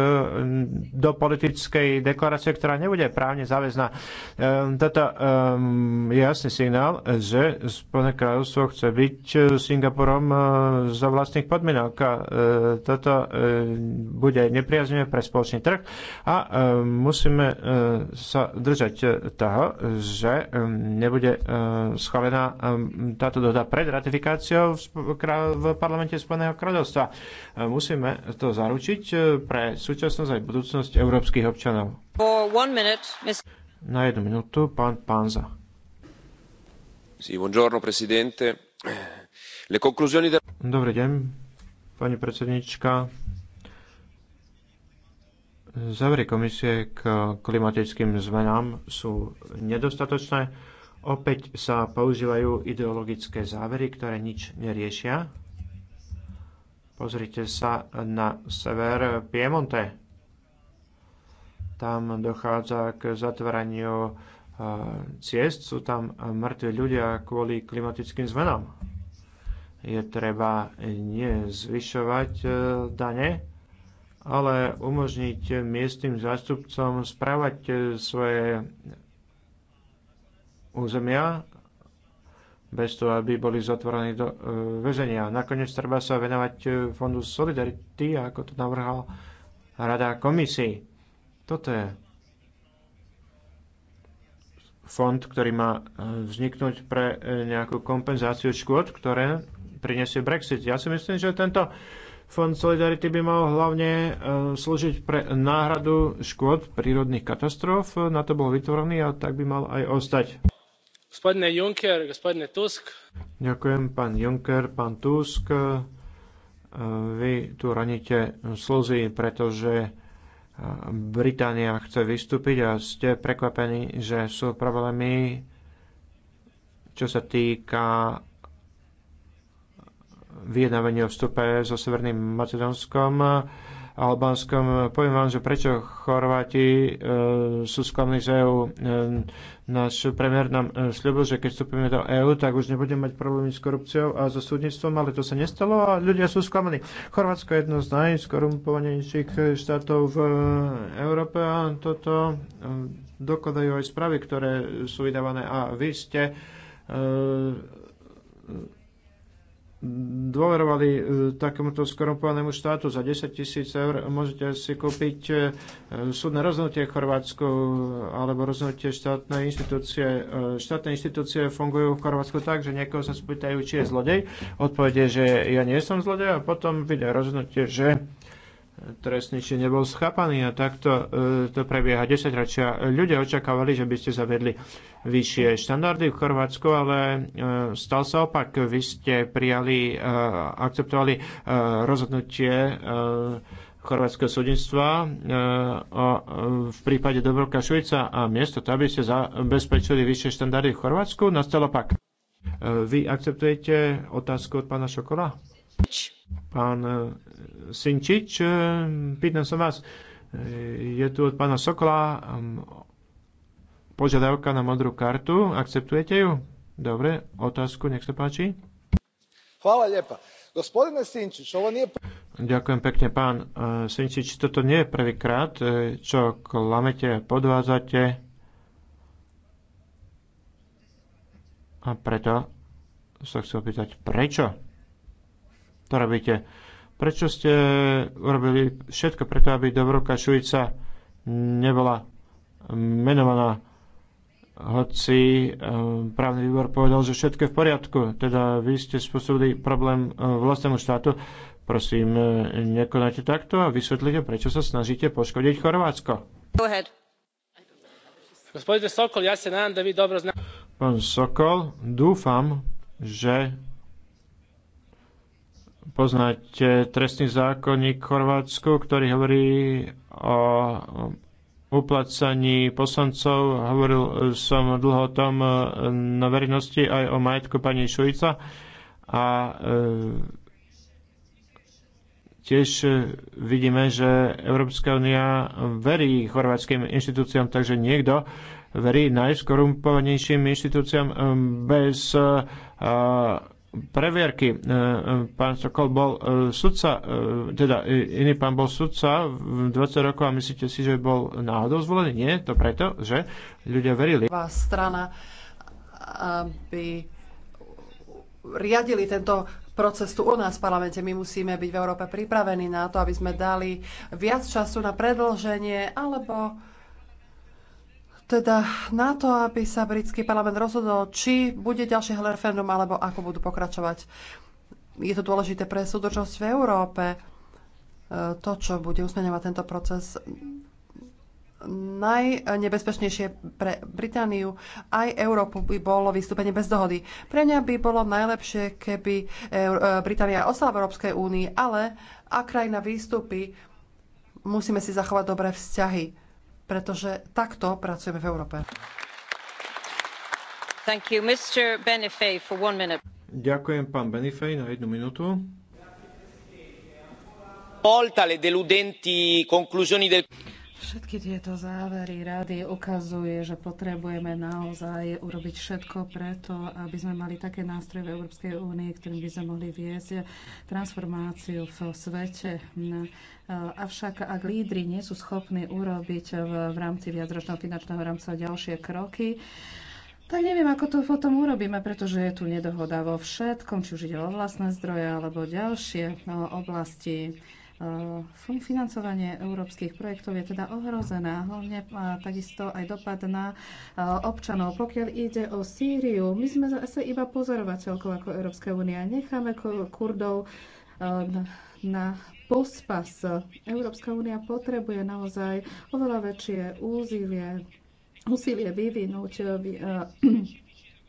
do politickej deklarácie, ktorá nebude právne záväzná. Toto je jasný signál, že Spojené kráľovstvo chce byť Singapurom za vlastných podmienok. A E, toto e, bude nepriaznivé pre spoločný trh a e, musíme sa držať toho, že nebude schválená táto dohoda pred ratifikáciou v parlamente Spojeného kráľovstva. Musíme to zaručiť pre súčasnosť aj budúcnosť európskych občanov. Na jednu minútu pán Panza. Sí, buongiorno, presidente. Le conclusioni Dobrý deň, pani predsednička. Závery komisie k klimatickým zmenám sú nedostatočné. Opäť sa používajú ideologické závery, ktoré nič neriešia. Pozrite sa na sever Piemonte. Tam dochádza k zatváraniu eh, ciest, sú tam mŕtvi ľudia kvôli klimatickým zmenám je treba nie zvyšovať e, dane, ale umožniť miestnym zástupcom správať e, svoje územia bez toho, aby boli zatvorení do e, väzenia. Nakoniec treba sa venovať Fondu Solidarity, ako to navrhal Rada komisii. Toto je fond, ktorý má e, vzniknúť pre e, nejakú kompenzáciu škôd, ktoré prinesie Brexit. Ja si myslím, že tento fond Solidarity by mal hlavne e, slúžiť pre náhradu škôd prírodných katastrof. Na to bol vytvorený a tak by mal aj ostať. Gospodine Juncker, gospodine Tusk. Ďakujem, pán Juncker, pán Tusk. Vy tu raníte slzy, pretože Británia chce vystúpiť a ste prekvapení, že sú problémy, čo sa týka vyjednávania o vstupe so Severným Macedónskom Albánskom. Poviem vám, že prečo Chorváti e, sú sklamní z EÚ. E, náš premiér nám e, slúbil, že keď vstúpime do EÚ, tak už nebudeme mať problémy s korupciou a so súdnictvom, ale to sa nestalo a ľudia sú sklamení. Chorvátsko je jedno z najskorumpovanejších štátov v e, Európe a toto e, dokladajú aj správy, ktoré sú vydávané a vy ste e, dôverovali e, takémuto skorumpovanému štátu. Za 10 tisíc eur môžete si kúpiť e, súdne rozhodnutie v Chorvátsku e, alebo rozhodnutie štátnej inštitúcie. Štátne inštitúcie fungujú v Chorvátsku tak, že niekoho sa spýtajú, či je zlodej. Odpovede, že ja nie som zlodej a potom vidia rozhodnutie, že trestný nebol schápaný a takto e, to prebieha 10 ročia. Ľudia očakávali, že by ste zavedli vyššie štandardy v Chorvátsku, ale e, stal sa opak. Vy ste prijali, e, akceptovali rozhodnutie chorvátskeho súdnictva v prípade Dobroka Švica a miesto to, aby ste zabezpečili vyššie štandardy v Chorvátsku, nastal opak. Vy akceptujete otázku od pána Šokola? Pán e, Sinčič, e, pýtam som vás, e, je tu od pána Sokola požiadavka na modrú kartu, akceptujete ju? Dobre, otázku, nech sa páči.
Hvala lepa. Gospodine Sinčič, ovo nie...
Ďakujem pekne, pán Sinčič. Toto nie je prvýkrát, čo klamete, podvádzate. A preto sa chcem opýtať, prečo? to robíte. Prečo ste urobili všetko preto, aby Dobrovka Šujica nebola menovaná? Hoci eh, právny výbor povedal, že všetko je v poriadku, teda vy ste spôsobili problém eh, vlastnému štátu. Prosím, eh, nekonajte takto a vysvetlite, prečo sa snažíte poškodiť Chorvátsko. Sokol, ja sa da vy dobro Pán Sokol, dúfam, že Poznáte trestný zákonník Chorvátsku, ktorý hovorí o uplacaní poslancov. Hovoril som dlho o tom e, na verejnosti aj o majetku pani Šujca a e, tiež vidíme, že Európska únia verí chorvátským inštitúciám, takže niekto verí najskorumpovanejším inštitúciám e, bez uh, previerky. E, e, pán Sokol bol e, sudca, teda iný pán bol sudca v 20 rokov a myslíte si, že bol náhodou zvolený? Nie, to preto, že ľudia verili.
Vás strana, aby riadili tento proces tu u nás v parlamente. My musíme byť v Európe pripravení na to, aby sme dali viac času na predlženie alebo teda na to, aby sa britský parlament rozhodol, či bude ďalšie referendum, alebo ako budú pokračovať. Je to dôležité pre súdržnosť v Európe. E, to, čo bude usmeňovať tento proces, najnebezpečnejšie pre Britániu aj Európu by bolo vystúpenie bez dohody. Pre mňa by bolo najlepšie, keby e, Británia ostala v Európskej únii, ale ak krajina výstupy, musíme si zachovať dobré vzťahy pretože
takto pracujeme v Európe. Ďakujem, pán Benifej, na jednu minútu. Volta le deludenti conclusioni del
Všetky tieto závery rady ukazuje, že potrebujeme naozaj urobiť všetko preto, aby sme mali také nástroje v Európskej únii, ktorým by sme mohli viesť transformáciu v svete. Avšak ak lídry nie sú schopní urobiť v, v rámci viacročného finančného rámca ďalšie kroky, tak neviem, ako to potom urobíme, pretože je tu nedohoda vo všetkom, či už ide o vlastné zdroje alebo ďalšie no, oblasti Eh, financovanie európskych projektov je teda ohrozené, hlavne eh, takisto aj dopad na eh, občanov. Pokiaľ ide o Sýriu, my sme zase iba pozorovateľkou ako Európska únia. Necháme Kurdov na pospas. Európska únia potrebuje naozaj oveľa väčšie úzilie, úsilie vyvinúť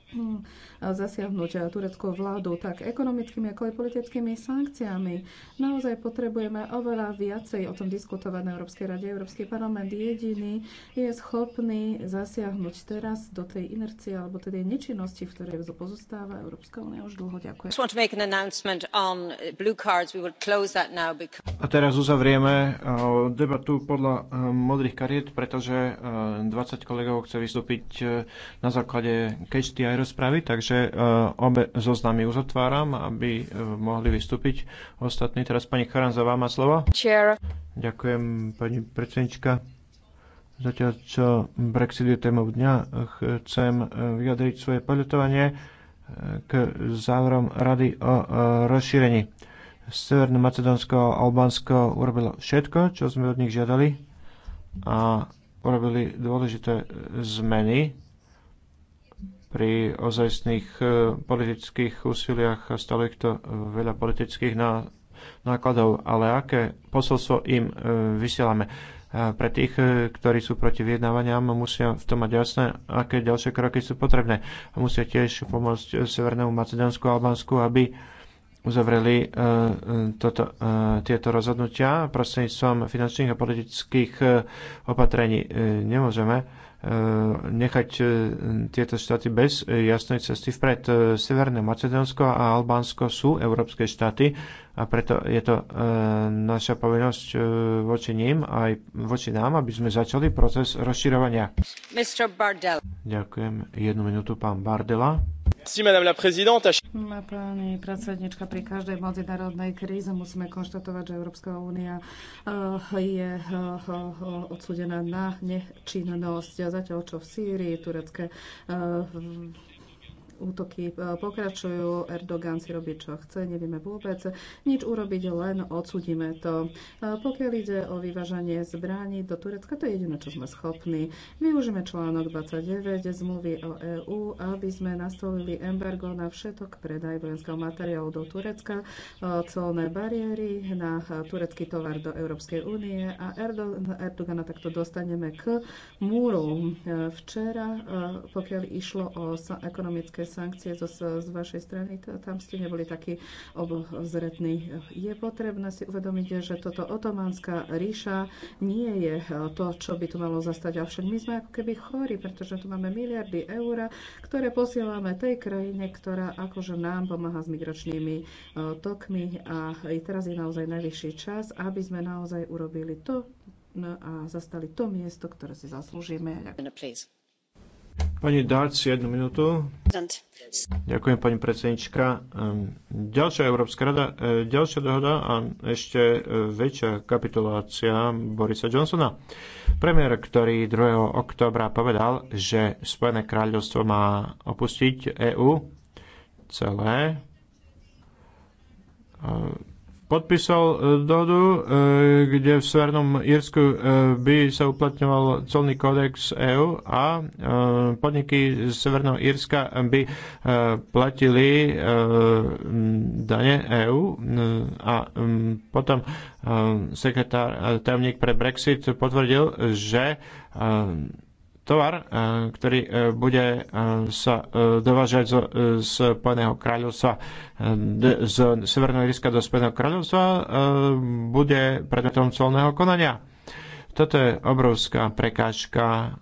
Hm, zasiahnuť tureckú vládu tak ekonomickými, ako aj politickými sankciami. Naozaj potrebujeme oveľa viacej o tom diskutovať na Európskej rade. Európsky parlament jediný je schopný zasiahnuť teraz do tej inercie alebo tej nečinnosti, v ktorej pozostáva Európska únia už dlho. Ďakujem.
A teraz uzavrieme eh, debatu podľa eh, modrých kariet, pretože 20 eh, kolegov chce vystúpiť na základe Catch the rozpravy, takže e, obe zoznamy uzatváram, aby e, mohli vystúpiť ostatní. Teraz pani Charanzová má slovo. Chair. Ďakujem, pani predsednička. Zatiaľ, čo Brexit je témou dňa, chcem e, vyjadriť svoje poľutovanie k záverom Rady o rozšírení. Severné Macedónsko a Albánsko urobilo všetko, čo sme od nich žiadali a urobili dôležité zmeny pri ozajstných e, politických úsiliach a stalo ich to veľa politických nákladov, ale aké posolstvo im e, vysielame. E, pre tých, ktorí sú proti vyjednávaniam, musia v tom mať jasné, aké ďalšie kroky sú potrebné. A musia tiež pomôcť Severnému Macedónsku a Albánsku, aby uzavreli toto, tieto rozhodnutia prostredníctvom finančných a politických opatrení. Nemôžeme Eh, nechať eh, tieto štáty bez eh, jasnej cesty vpred. Severné Macedónsko a Albánsko sú európske štáty a preto je to naša povinnosť voči ním aj voči nám, aby sme začali proces rozširovania. Ďakujem. Jednu minútu pán Bardela.
Pani predsednička, pri každej medzinárodnej kríze musíme konštatovať, že Európska únia eh, je eh, odsudená na nečinnosť. Zatiaľ čo v Sýrii, turecké eh, útoky e, pokračujú, Erdogan si robí, čo chce, nevieme vôbec nič urobiť, len odsudíme to. E, pokiaľ ide o vyvážanie zbraní do Turecka, to je jediné, čo sme schopní. Využíme článok 29 zmluvy o EÚ, aby sme nastolili embargo na všetok predaj vojenského materiálu do Turecka, e, colné bariéry na turecký tovar do Európskej únie a Erdogana takto dostaneme k múru. Včera, pokiaľ išlo o ekonomické sankcie z, z vašej strany, tam ste neboli takí obozretní. Je potrebné si uvedomiť, že toto otománska ríša nie je e, to, čo by tu malo zastať. Avšak my sme ako keby chorí, pretože tu máme miliardy eur, ktoré posielame tej krajine, ktorá akože nám pomáha s migračnými e, tokmi a teraz je naozaj najvyšší čas, aby sme naozaj urobili to, no a zastali to miesto, ktoré si zaslúžime.
Pani Darc, jednu minútu. Ďakujem, pani predsednička. Ehm, ďalšia Európska rada, e, ďalšia dohoda a ešte e, väčšia kapitulácia Borisa Johnsona. Premiér, ktorý 2. oktobra povedal, že Spojené kráľovstvo má opustiť EÚ celé, podpísal e, dohodu, e, kde v Severnom Írsku e, by sa uplatňoval colný kódex EÚ a podniky z Severného Írska by platili dane EÚ a potom sekretár, tajomník pre Brexit potvrdil, že tovar, eh, ktorý eh, bude eh, sa dovážať z Spojeného kráľovstva z Severného Iriska do Spojeného kráľovstva, bude predmetom colného konania. Toto je obrovská prekážka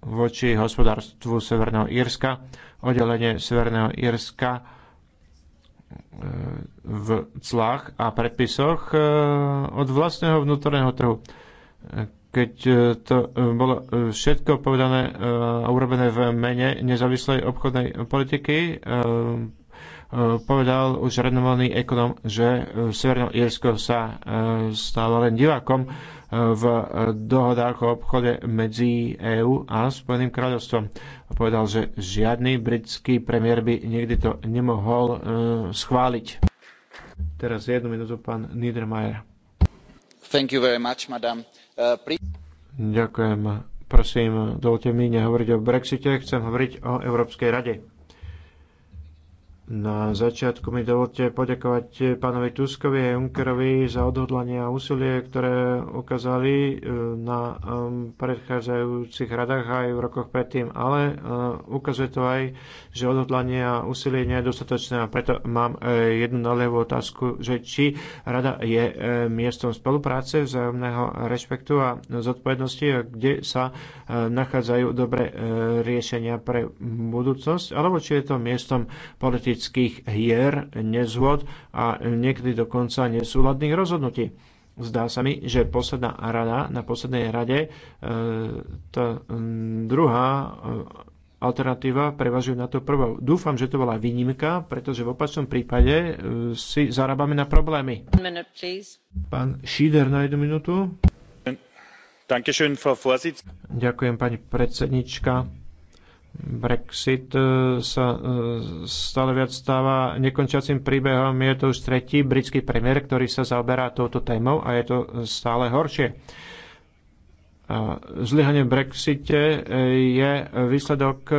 voči hospodárstvu Severného Írska, oddelenie Severného Írska v clách a predpisoch od vlastného vnútorného trhu keď e, to e, bolo e, všetko povedané a urobené v mene nezávislej obchodnej politiky, povedal už renomovaný ekonom, že Severné Irsko sa stalo len divákom v dohodách o obchode medzi EÚ a Spojeným kráľovstvom. Povedal, že žiadny britský premiér by nikdy to nemohol schváliť. Teraz jednu minútu pán Niedermayer. Thank you very much, madam. Ďakujem. Prosím, dovolte mi nehovoriť o Brexite, chcem hovoriť o Európskej rade. Na začiatku mi dovolte poďakovať pánovi Tuskovi a Junkerovi za odhodlanie a úsilie, ktoré ukázali e, na predchádzajúcich radách aj v rokoch predtým, ale e, ukazuje to aj, že odhodlanie a úsilie nie je dostatočné a preto mám e, jednu nalievú otázku, že či rada je miestom spolupráce, vzájomného rešpektu a zodpovednosti, kde sa nachádzajú dobré riešenia pre budúcnosť, alebo či je to miestom politiky politických hier, nezhod a niekedy dokonca nesúladných rozhodnutí. Zdá sa mi, že posledná rada, na poslednej rade e, tá druhá e, alternatíva prevažuje na to prvou. Dúfam, že to bola výnimka, pretože v opačnom prípade e, si zarábame na problémy. Pán Šíder na jednu minútu. Ďakujem, pani predsednička Brexit e, sa e, stále viac stáva nekončiacim príbehom. Je to už tretí britský premiér, ktorý sa zaoberá touto témou a je to stále horšie. E, zlyhanie v Brexite je výsledok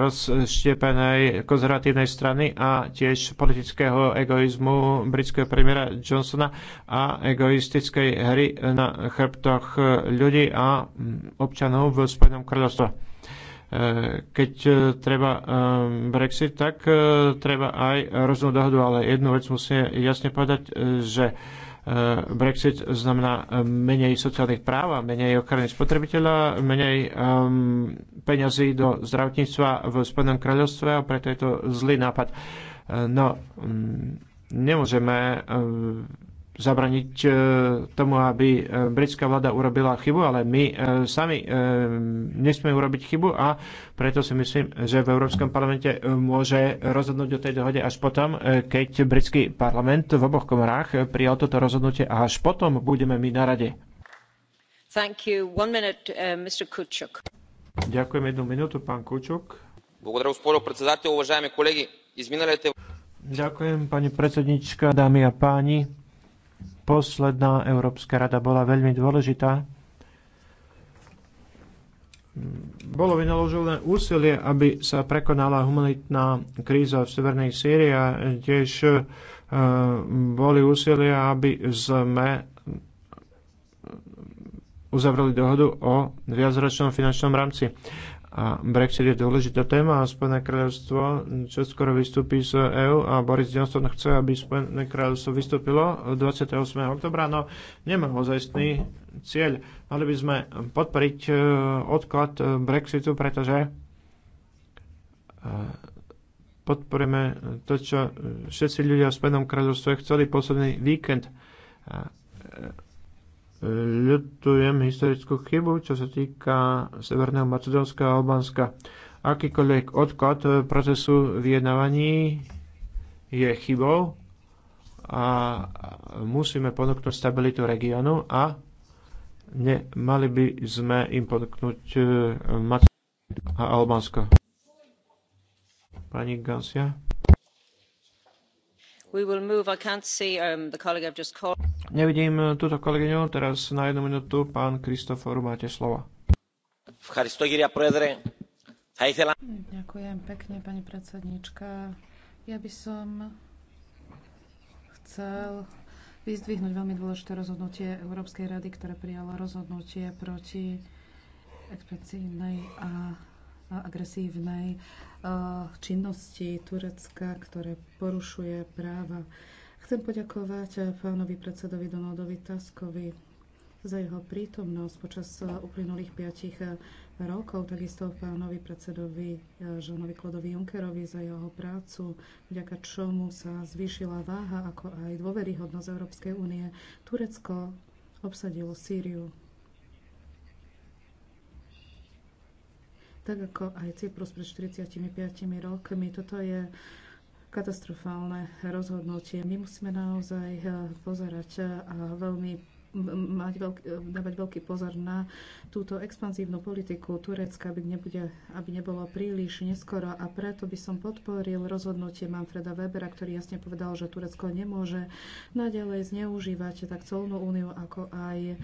rozštiepenej konzervatívnej strany a tiež politického egoizmu britského premiéra Johnsona a egoistickej hry na chrbtoch ľudí a občanov v Spojenom kráľovstve Eh, keď eh, treba eh, Brexit, tak treba aj rozumnú dohodu, ale jednu vec musím jasne povedať, že Brexit znamená menej sociálnych práv a menej ochrany spotrebiteľa, menej um, peňazí do zdravotníctva v Spojenom kráľovstve a preto je to zlý nápad. No, mm, nemôžeme um, zabraniť e, tomu, aby e, britská vláda urobila chybu, ale my e, sami nesmieme urobiť chybu a preto si myslím, že v Európskom parlamente môže rozhodnúť o tej dohode až potom, keď britský parlament v oboch komorách prijal toto rozhodnutie a až potom budeme my na rade. Thank you. One minute, uh,
Mr. Kuchuk.
Ďakujem jednu minútu, pán Kučuk. Ďakujem, pani predsednička, dámy a páni posledná Európska rada bola veľmi dôležitá. Bolo vynaložené úsilie, aby sa prekonala humanitná kríza v Severnej Sýrii a tiež e, boli úsilie, aby sme uzavreli dohodu o viacročnom finančnom rámci. A Brexit je dôležitá téma a Spojené kráľovstvo čo skoro vystúpi z EÚ a Boris Johnson chce, aby Spojené kráľovstvo vystúpilo 28. oktobra, no nemáme ozajstný cieľ. Mali by sme podporiť e, odklad e, Brexitu, pretože e, podporíme to, čo všetci ľudia v Spojenom kráľovstve chceli posledný víkend ľutujem historickú chybu, čo sa týka Severného Macedónska a Albánska. Akýkoľvek odklad procesu vyjednávaní je chybou a musíme ponúknuť stabilitu regiónu a nemali by sme im ponúknuť e, Macedónsko a Albánsko. Pani Gansia.
We will move. I can't see um, the colleague I've just called.
Nevidím túto kolegyňu, teraz na jednu minútu pán Kristofor, máte slovo.
Ďakujem pekne, pani predsednička. Ja by som chcel vyzdvihnúť veľmi dôležité rozhodnutie Európskej rady, ktoré prijalo rozhodnutie proti expresívnej a agresívnej eh, činnosti Turecka, ktoré porušuje práva Chcem poďakovať eh, pánovi predsedovi Donaldovi Taskovi za jeho prítomnosť počas eh, uplynulých 5 eh, rokov, takisto pánovi predsedovi Žanovi Klodovi Junkerovi za jeho prácu, vďaka čomu sa zvýšila váha ako aj dôveryhodnosť Európskej únie. Turecko obsadilo Sýriu. Tak ako aj Cyprus pred 45 rokmi. Toto je katastrofálne rozhodnutie. My musíme naozaj eh, pozerať eh, a veľmi mať veľký, eh, dávať veľký pozor na túto expanzívnu politiku Turecka, aby, nebude, aby nebolo príliš neskoro. A preto by som podporil rozhodnutie Manfreda Webera, ktorý jasne povedal, že Turecko nemôže naďalej zneužívať tak colnú úniu, ako aj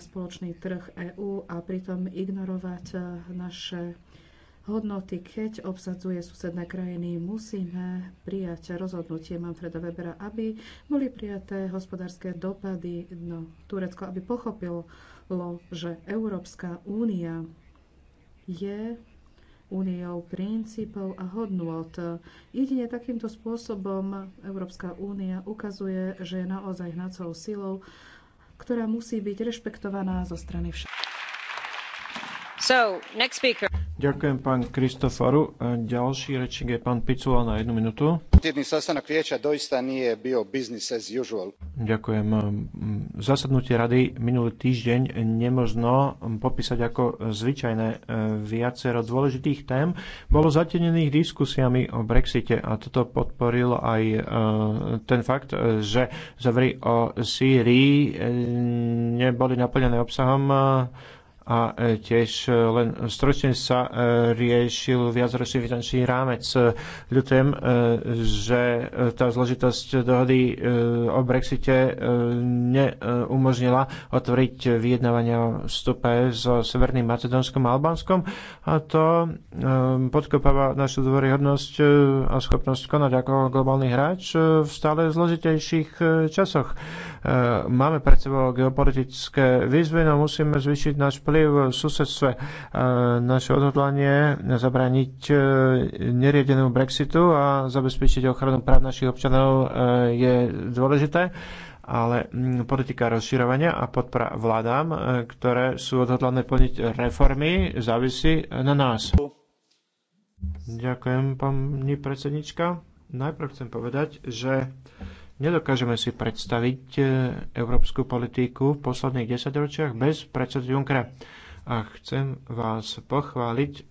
spoločný trh EÚ a pritom ignorovať naše hodnoty, keď obsadzuje susedné krajiny. Musíme prijať rozhodnutie Manfreda Webera, aby boli prijaté hospodárske dopady na Turecko, aby pochopilo, že Európska únia je úniou princípov a hodnot. Jedine takýmto spôsobom Európska únia ukazuje, že je naozaj hnacou silou, ktorá musí byť rešpektovaná zo strany všetkých.
So, next speaker. Ďakujem pán Kristoforu. Ďalší rečník je pán Picula na jednu minútu. Týdny sasanok vieča doista nie bio business as usual. Ďakujem. Zasadnutie rady minulý týždeň nemožno popísať ako zvyčajné. E, viacero dôležitých tém bolo zatenených diskusiami o Brexite a toto podporil aj e, ten fakt, e, že zavry o Sýrii neboli naplnené obsahom a e, tiež e, len stručne sa e, riešil viacročný finančný rámec. Ľutujem, že tá zložitosť dohody o Brexite neumožnila otvoriť vyjednávania o vstupe so Severným Macedónskom a Albánskom a to podkopáva našu dôryhodnosť a schopnosť konať ako globálny hráč v stále zložitejších časoch. Máme pred sebou geopolitické výzvy, no musíme zvýšiť náš vplyv aj v susedstve. E, naše odhodlanie zabrániť e, neriedenému Brexitu a zabezpečiť ochranu práv našich občanov e, je dôležité ale mm, politika rozširovania a podpora vládám, ktoré sú odhodlané plniť reformy, závisí na nás. Ďakujem, pani predsednička. Najprv chcem povedať, že Nedokážeme si predstaviť e, európsku politiku v posledných desaťročiach bez predsedu Junckera. A chcem vás pochváliť e,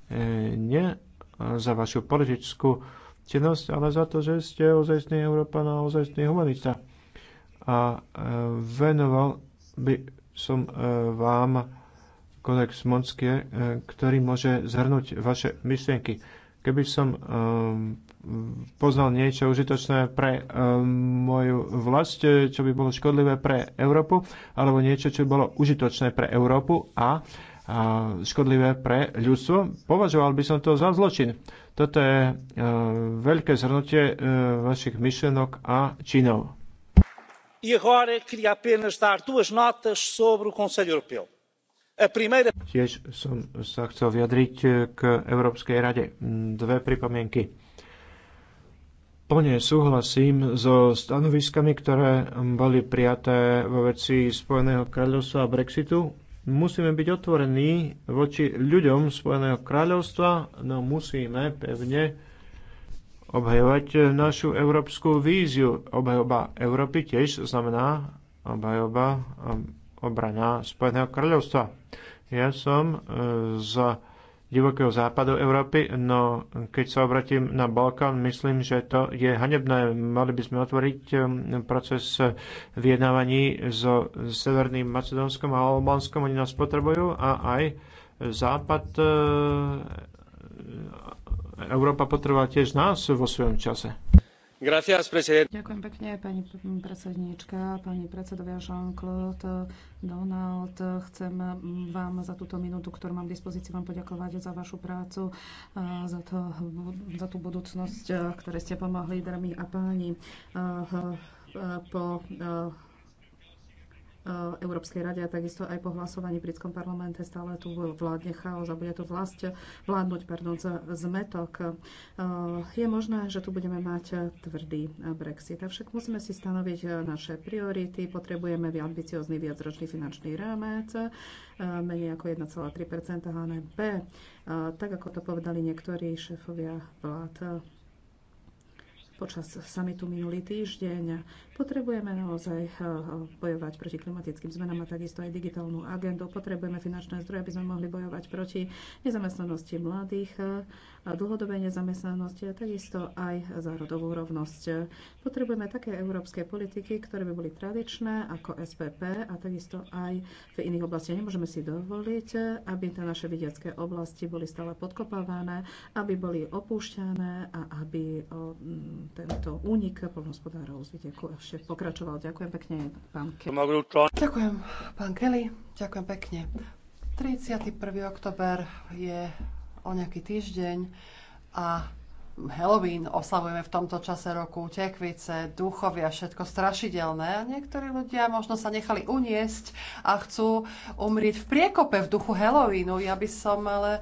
nie za vašu politickú činnosť, ale za to, že ste ozajstný Európan a ozajstný humanista. A e, venoval by som vám kodex Monskie, ktorý môže zhrnúť vaše myšlienky. Keby som poznal niečo užitočné pre e, moju vlast, čo by bolo škodlivé pre Európu, alebo niečo, čo by bolo užitočné pre Európu a škodlivé pre ľudstvo. Považoval by som to za zločin. Toto je e, veľké zhrnutie e, vašich myšlenok a činov. Tiež som sa chcel vyjadriť k Európskej rade. Dve pripomienky plne súhlasím so stanoviskami, ktoré boli prijaté vo veci Spojeného kráľovstva a Brexitu. Musíme byť otvorení voči ľuďom Spojeného kráľovstva, no musíme pevne obhajovať našu európsku víziu. Obhajoba Európy tiež znamená obhajoba um, obrana Spojeného kráľovstva. Ja som e, za divokého západu Európy, no keď sa obratím na Balkán, myslím, že to je hanebné. Mali by sme otvoriť um, proces vyjednávaní so Severným Macedónskom a Albánskom, oni nás potrebujú a aj západ uh, Európa potrebuje tiež nás vo svojom čase. Ďakujem
pekne, pani predsedníčka, predsedovia Jean-Claude, Donald. Chcem vám za túto minútu, ktorú mám k dispozícii, vám poďakovať za vašu prácu, za, to, za tú budúcnosť, ktorej ste pomohli, dámy a páni. Po Eh, Európskej rade a takisto aj po hlasovaní v britskom parlamente stále tu vládne chaos a bude tu vlast vládnuť pardon, zmetok. Eh, je možné, že tu budeme mať tvrdý Brexit. Avšak musíme si stanoviť eh, naše priority, potrebujeme ambiciózny viacročný finančný rámec, menej ako 1,3 HNP, tak ako to povedali niektorí šéfovia vlád počas samitu minulý týždeň. Potrebujeme naozaj eh, bojovať proti klimatickým zmenám a takisto aj digitálnu agendu. Potrebujeme finančné zdroje, aby sme mohli bojovať proti nezamestnanosti mladých, eh, dlhodobej nezamestnanosti a takisto aj za rodovú rovnosť. Potrebujeme také európske politiky, ktoré by boli tradičné ako SPP a takisto aj v iných oblastiach. Nemôžeme si dovoliť, aby tie naše vidiecké oblasti boli stále podkopávané, aby boli opúšťané a aby eh, tento únik polnospodárov z vidieku až ešte pokračoval. Ďakujem pekne, pán
Kelly. Ďakujem, pán Kelly. Ďakujem pekne. 31. oktober je o nejaký týždeň a Halloween oslavujeme v tomto čase roku, tekvice, duchovia, všetko strašidelné a niektorí ľudia možno sa nechali uniesť a chcú umrieť v priekope v duchu Halloweenu. Ja by som ale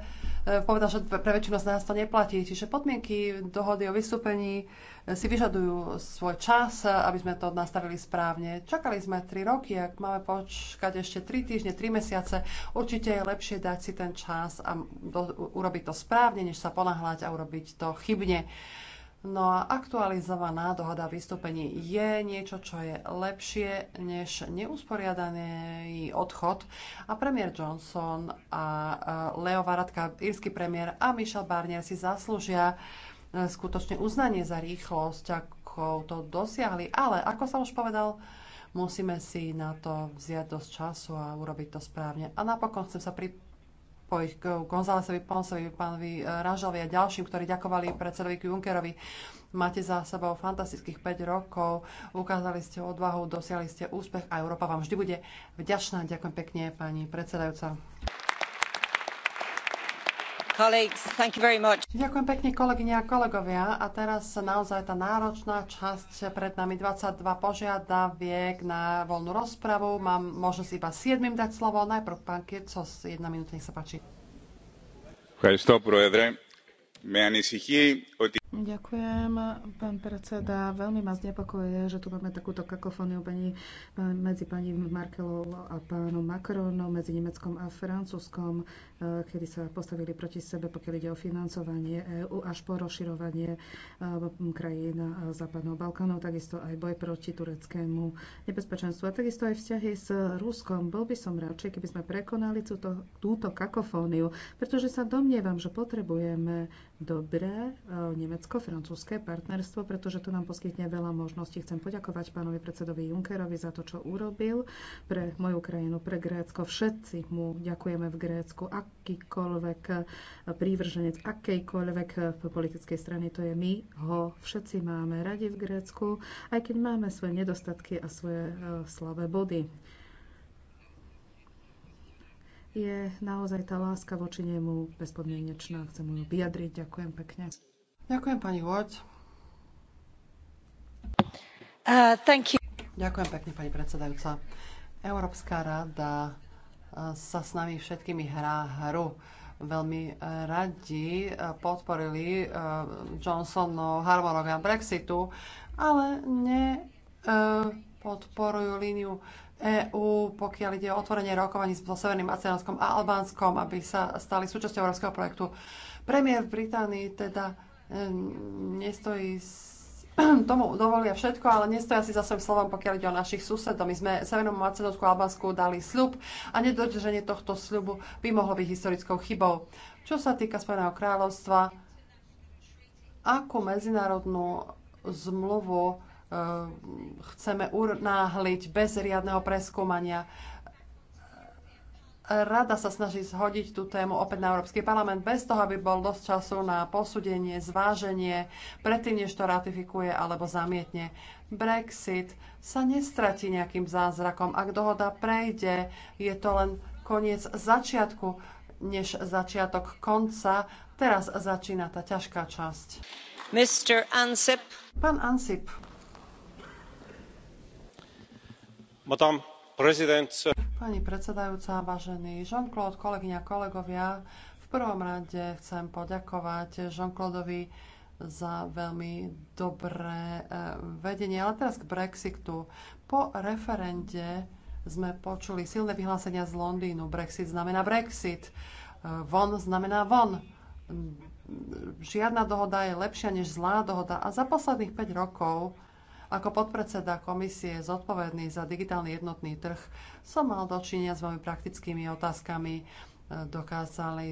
E, povedal, že pre väčšinu z nás to neplatí. Čiže podmienky dohody o vystúpení e, si vyžadujú svoj čas, e, aby sme to nastavili správne. Čakali sme 3 roky, ak máme počkať ešte 3 týždne, 3 mesiace, určite je lepšie dať si ten čas a do, urobiť to správne, než sa ponáhľať a urobiť to chybne. Uh, No a aktualizovaná dohoda o vystúpení je niečo, čo je lepšie než neusporiadaný odchod. A premiér Johnson a e, Leo Varadka, írsky premiér a Michel Barnier si zaslúžia e, skutočne uznanie za rýchlosť, ako to dosiahli. Ale ako som už povedal, musíme si na to vziať dosť času a urobiť to správne. A napokon chcem sa pri po ich Gonzálesovi, Ponsovi, pánovi e, Ranžovi a ďalším, ktorí ďakovali predsedovi Junckerovi. Máte za sebou fantastických 5 rokov, ukázali ste odvahu, dosiali ste úspech a Európa vám vždy bude vďačná. Ďakujem pekne, pani predsedajúca. Ďakujem pekne kolegyne a kolegovia. A teraz naozaj tá náročná časť pred nami 22 požiadaviek na voľnú rozpravu. Mám možnosť iba siedmim dať slovo. Najprv pán Kircos, jedna minúta, nech sa páči.
Ďakujem, pán predseda. Veľmi ma znepokojuje, že tu máme takúto kakofóniu pani, medzi pani Merkelovou a pánom Macronom, medzi Nemeckom a Francúzskom. E, kedy sa postavili proti sebe, pokiaľ ide o financovanie EÚ až po rozširovanie e, krajín e, Západného Balkánu, takisto aj boj proti tureckému nebezpečenstvu a takisto aj vzťahy s Ruskom. Bol by som radšej, keby sme prekonali túto, túto kakofóniu, pretože sa domnievam, že potrebujeme dobré nemecko-francúzske partnerstvo, pretože to nám poskytne veľa možností. Chcem poďakovať pánovi predsedovi Junckerovi za to, čo urobil pre moju krajinu, pre Grécko. Všetci mu ďakujeme v Grécku, akýkoľvek eh, prívrženec akejkoľvek eh, politickej strany, to je my, ho všetci máme radi v Grécku, aj keď máme svoje nedostatky a svoje eh, slabé body je naozaj tá láska voči nemu bezpodmienečná. Chcem ju vyjadriť. Ďakujem pekne. Ďakujem pani Hoď.
Uh, Ďakujem pekne, pani predsedajúca. Európska rada sa s nami všetkými hrá hru. Veľmi e, radi e, podporili e, Johnsonov harmonogram Brexitu, ale nepodporujú líniu EÚ, pokiaľ ide o otvorenie rokovaní so Severným Macedónskom a Albánskom, aby sa stali súčasťou európskeho projektu. Premiér v Británii teda nestojí s tomu dovolia všetko, ale nestoja si za svojím slovom, pokiaľ ide o našich susedov. My sme Severnom Macedónsku a Albánsku dali sľub a nedodrženie tohto sľubu by mohlo byť historickou chybou. Čo sa týka Spojeného kráľovstva, akú medzinárodnú zmluvu e, chceme unáhliť bez riadneho preskúmania. Rada sa snaží zhodiť tú tému opäť na Európsky parlament bez toho, aby bol dosť času na posúdenie, zváženie, predtým, než to ratifikuje alebo zamietne. Brexit sa nestratí nejakým zázrakom. Ak dohoda prejde, je to len koniec začiatku, než začiatok konca. Teraz začína tá ťažká časť. Mr. Ansip. Pán Ansip.
Madame President.
Pani predsedajúca, vážený Jean-Claude, kolegyňa, kolegovia, v prvom rade chcem poďakovať Jean-Claudeovi za veľmi dobré eh, vedenie. Ale teraz k Brexitu. Po referende sme počuli silné vyhlásenia z Londýnu. Brexit znamená Brexit. Eh, von znamená von. Žiadna dohoda je lepšia než zlá dohoda. A za posledných 5 rokov ako podpredseda komisie zodpovedný za digitálny jednotný trh som mal dočinia s veľmi praktickými otázkami. E, dokázali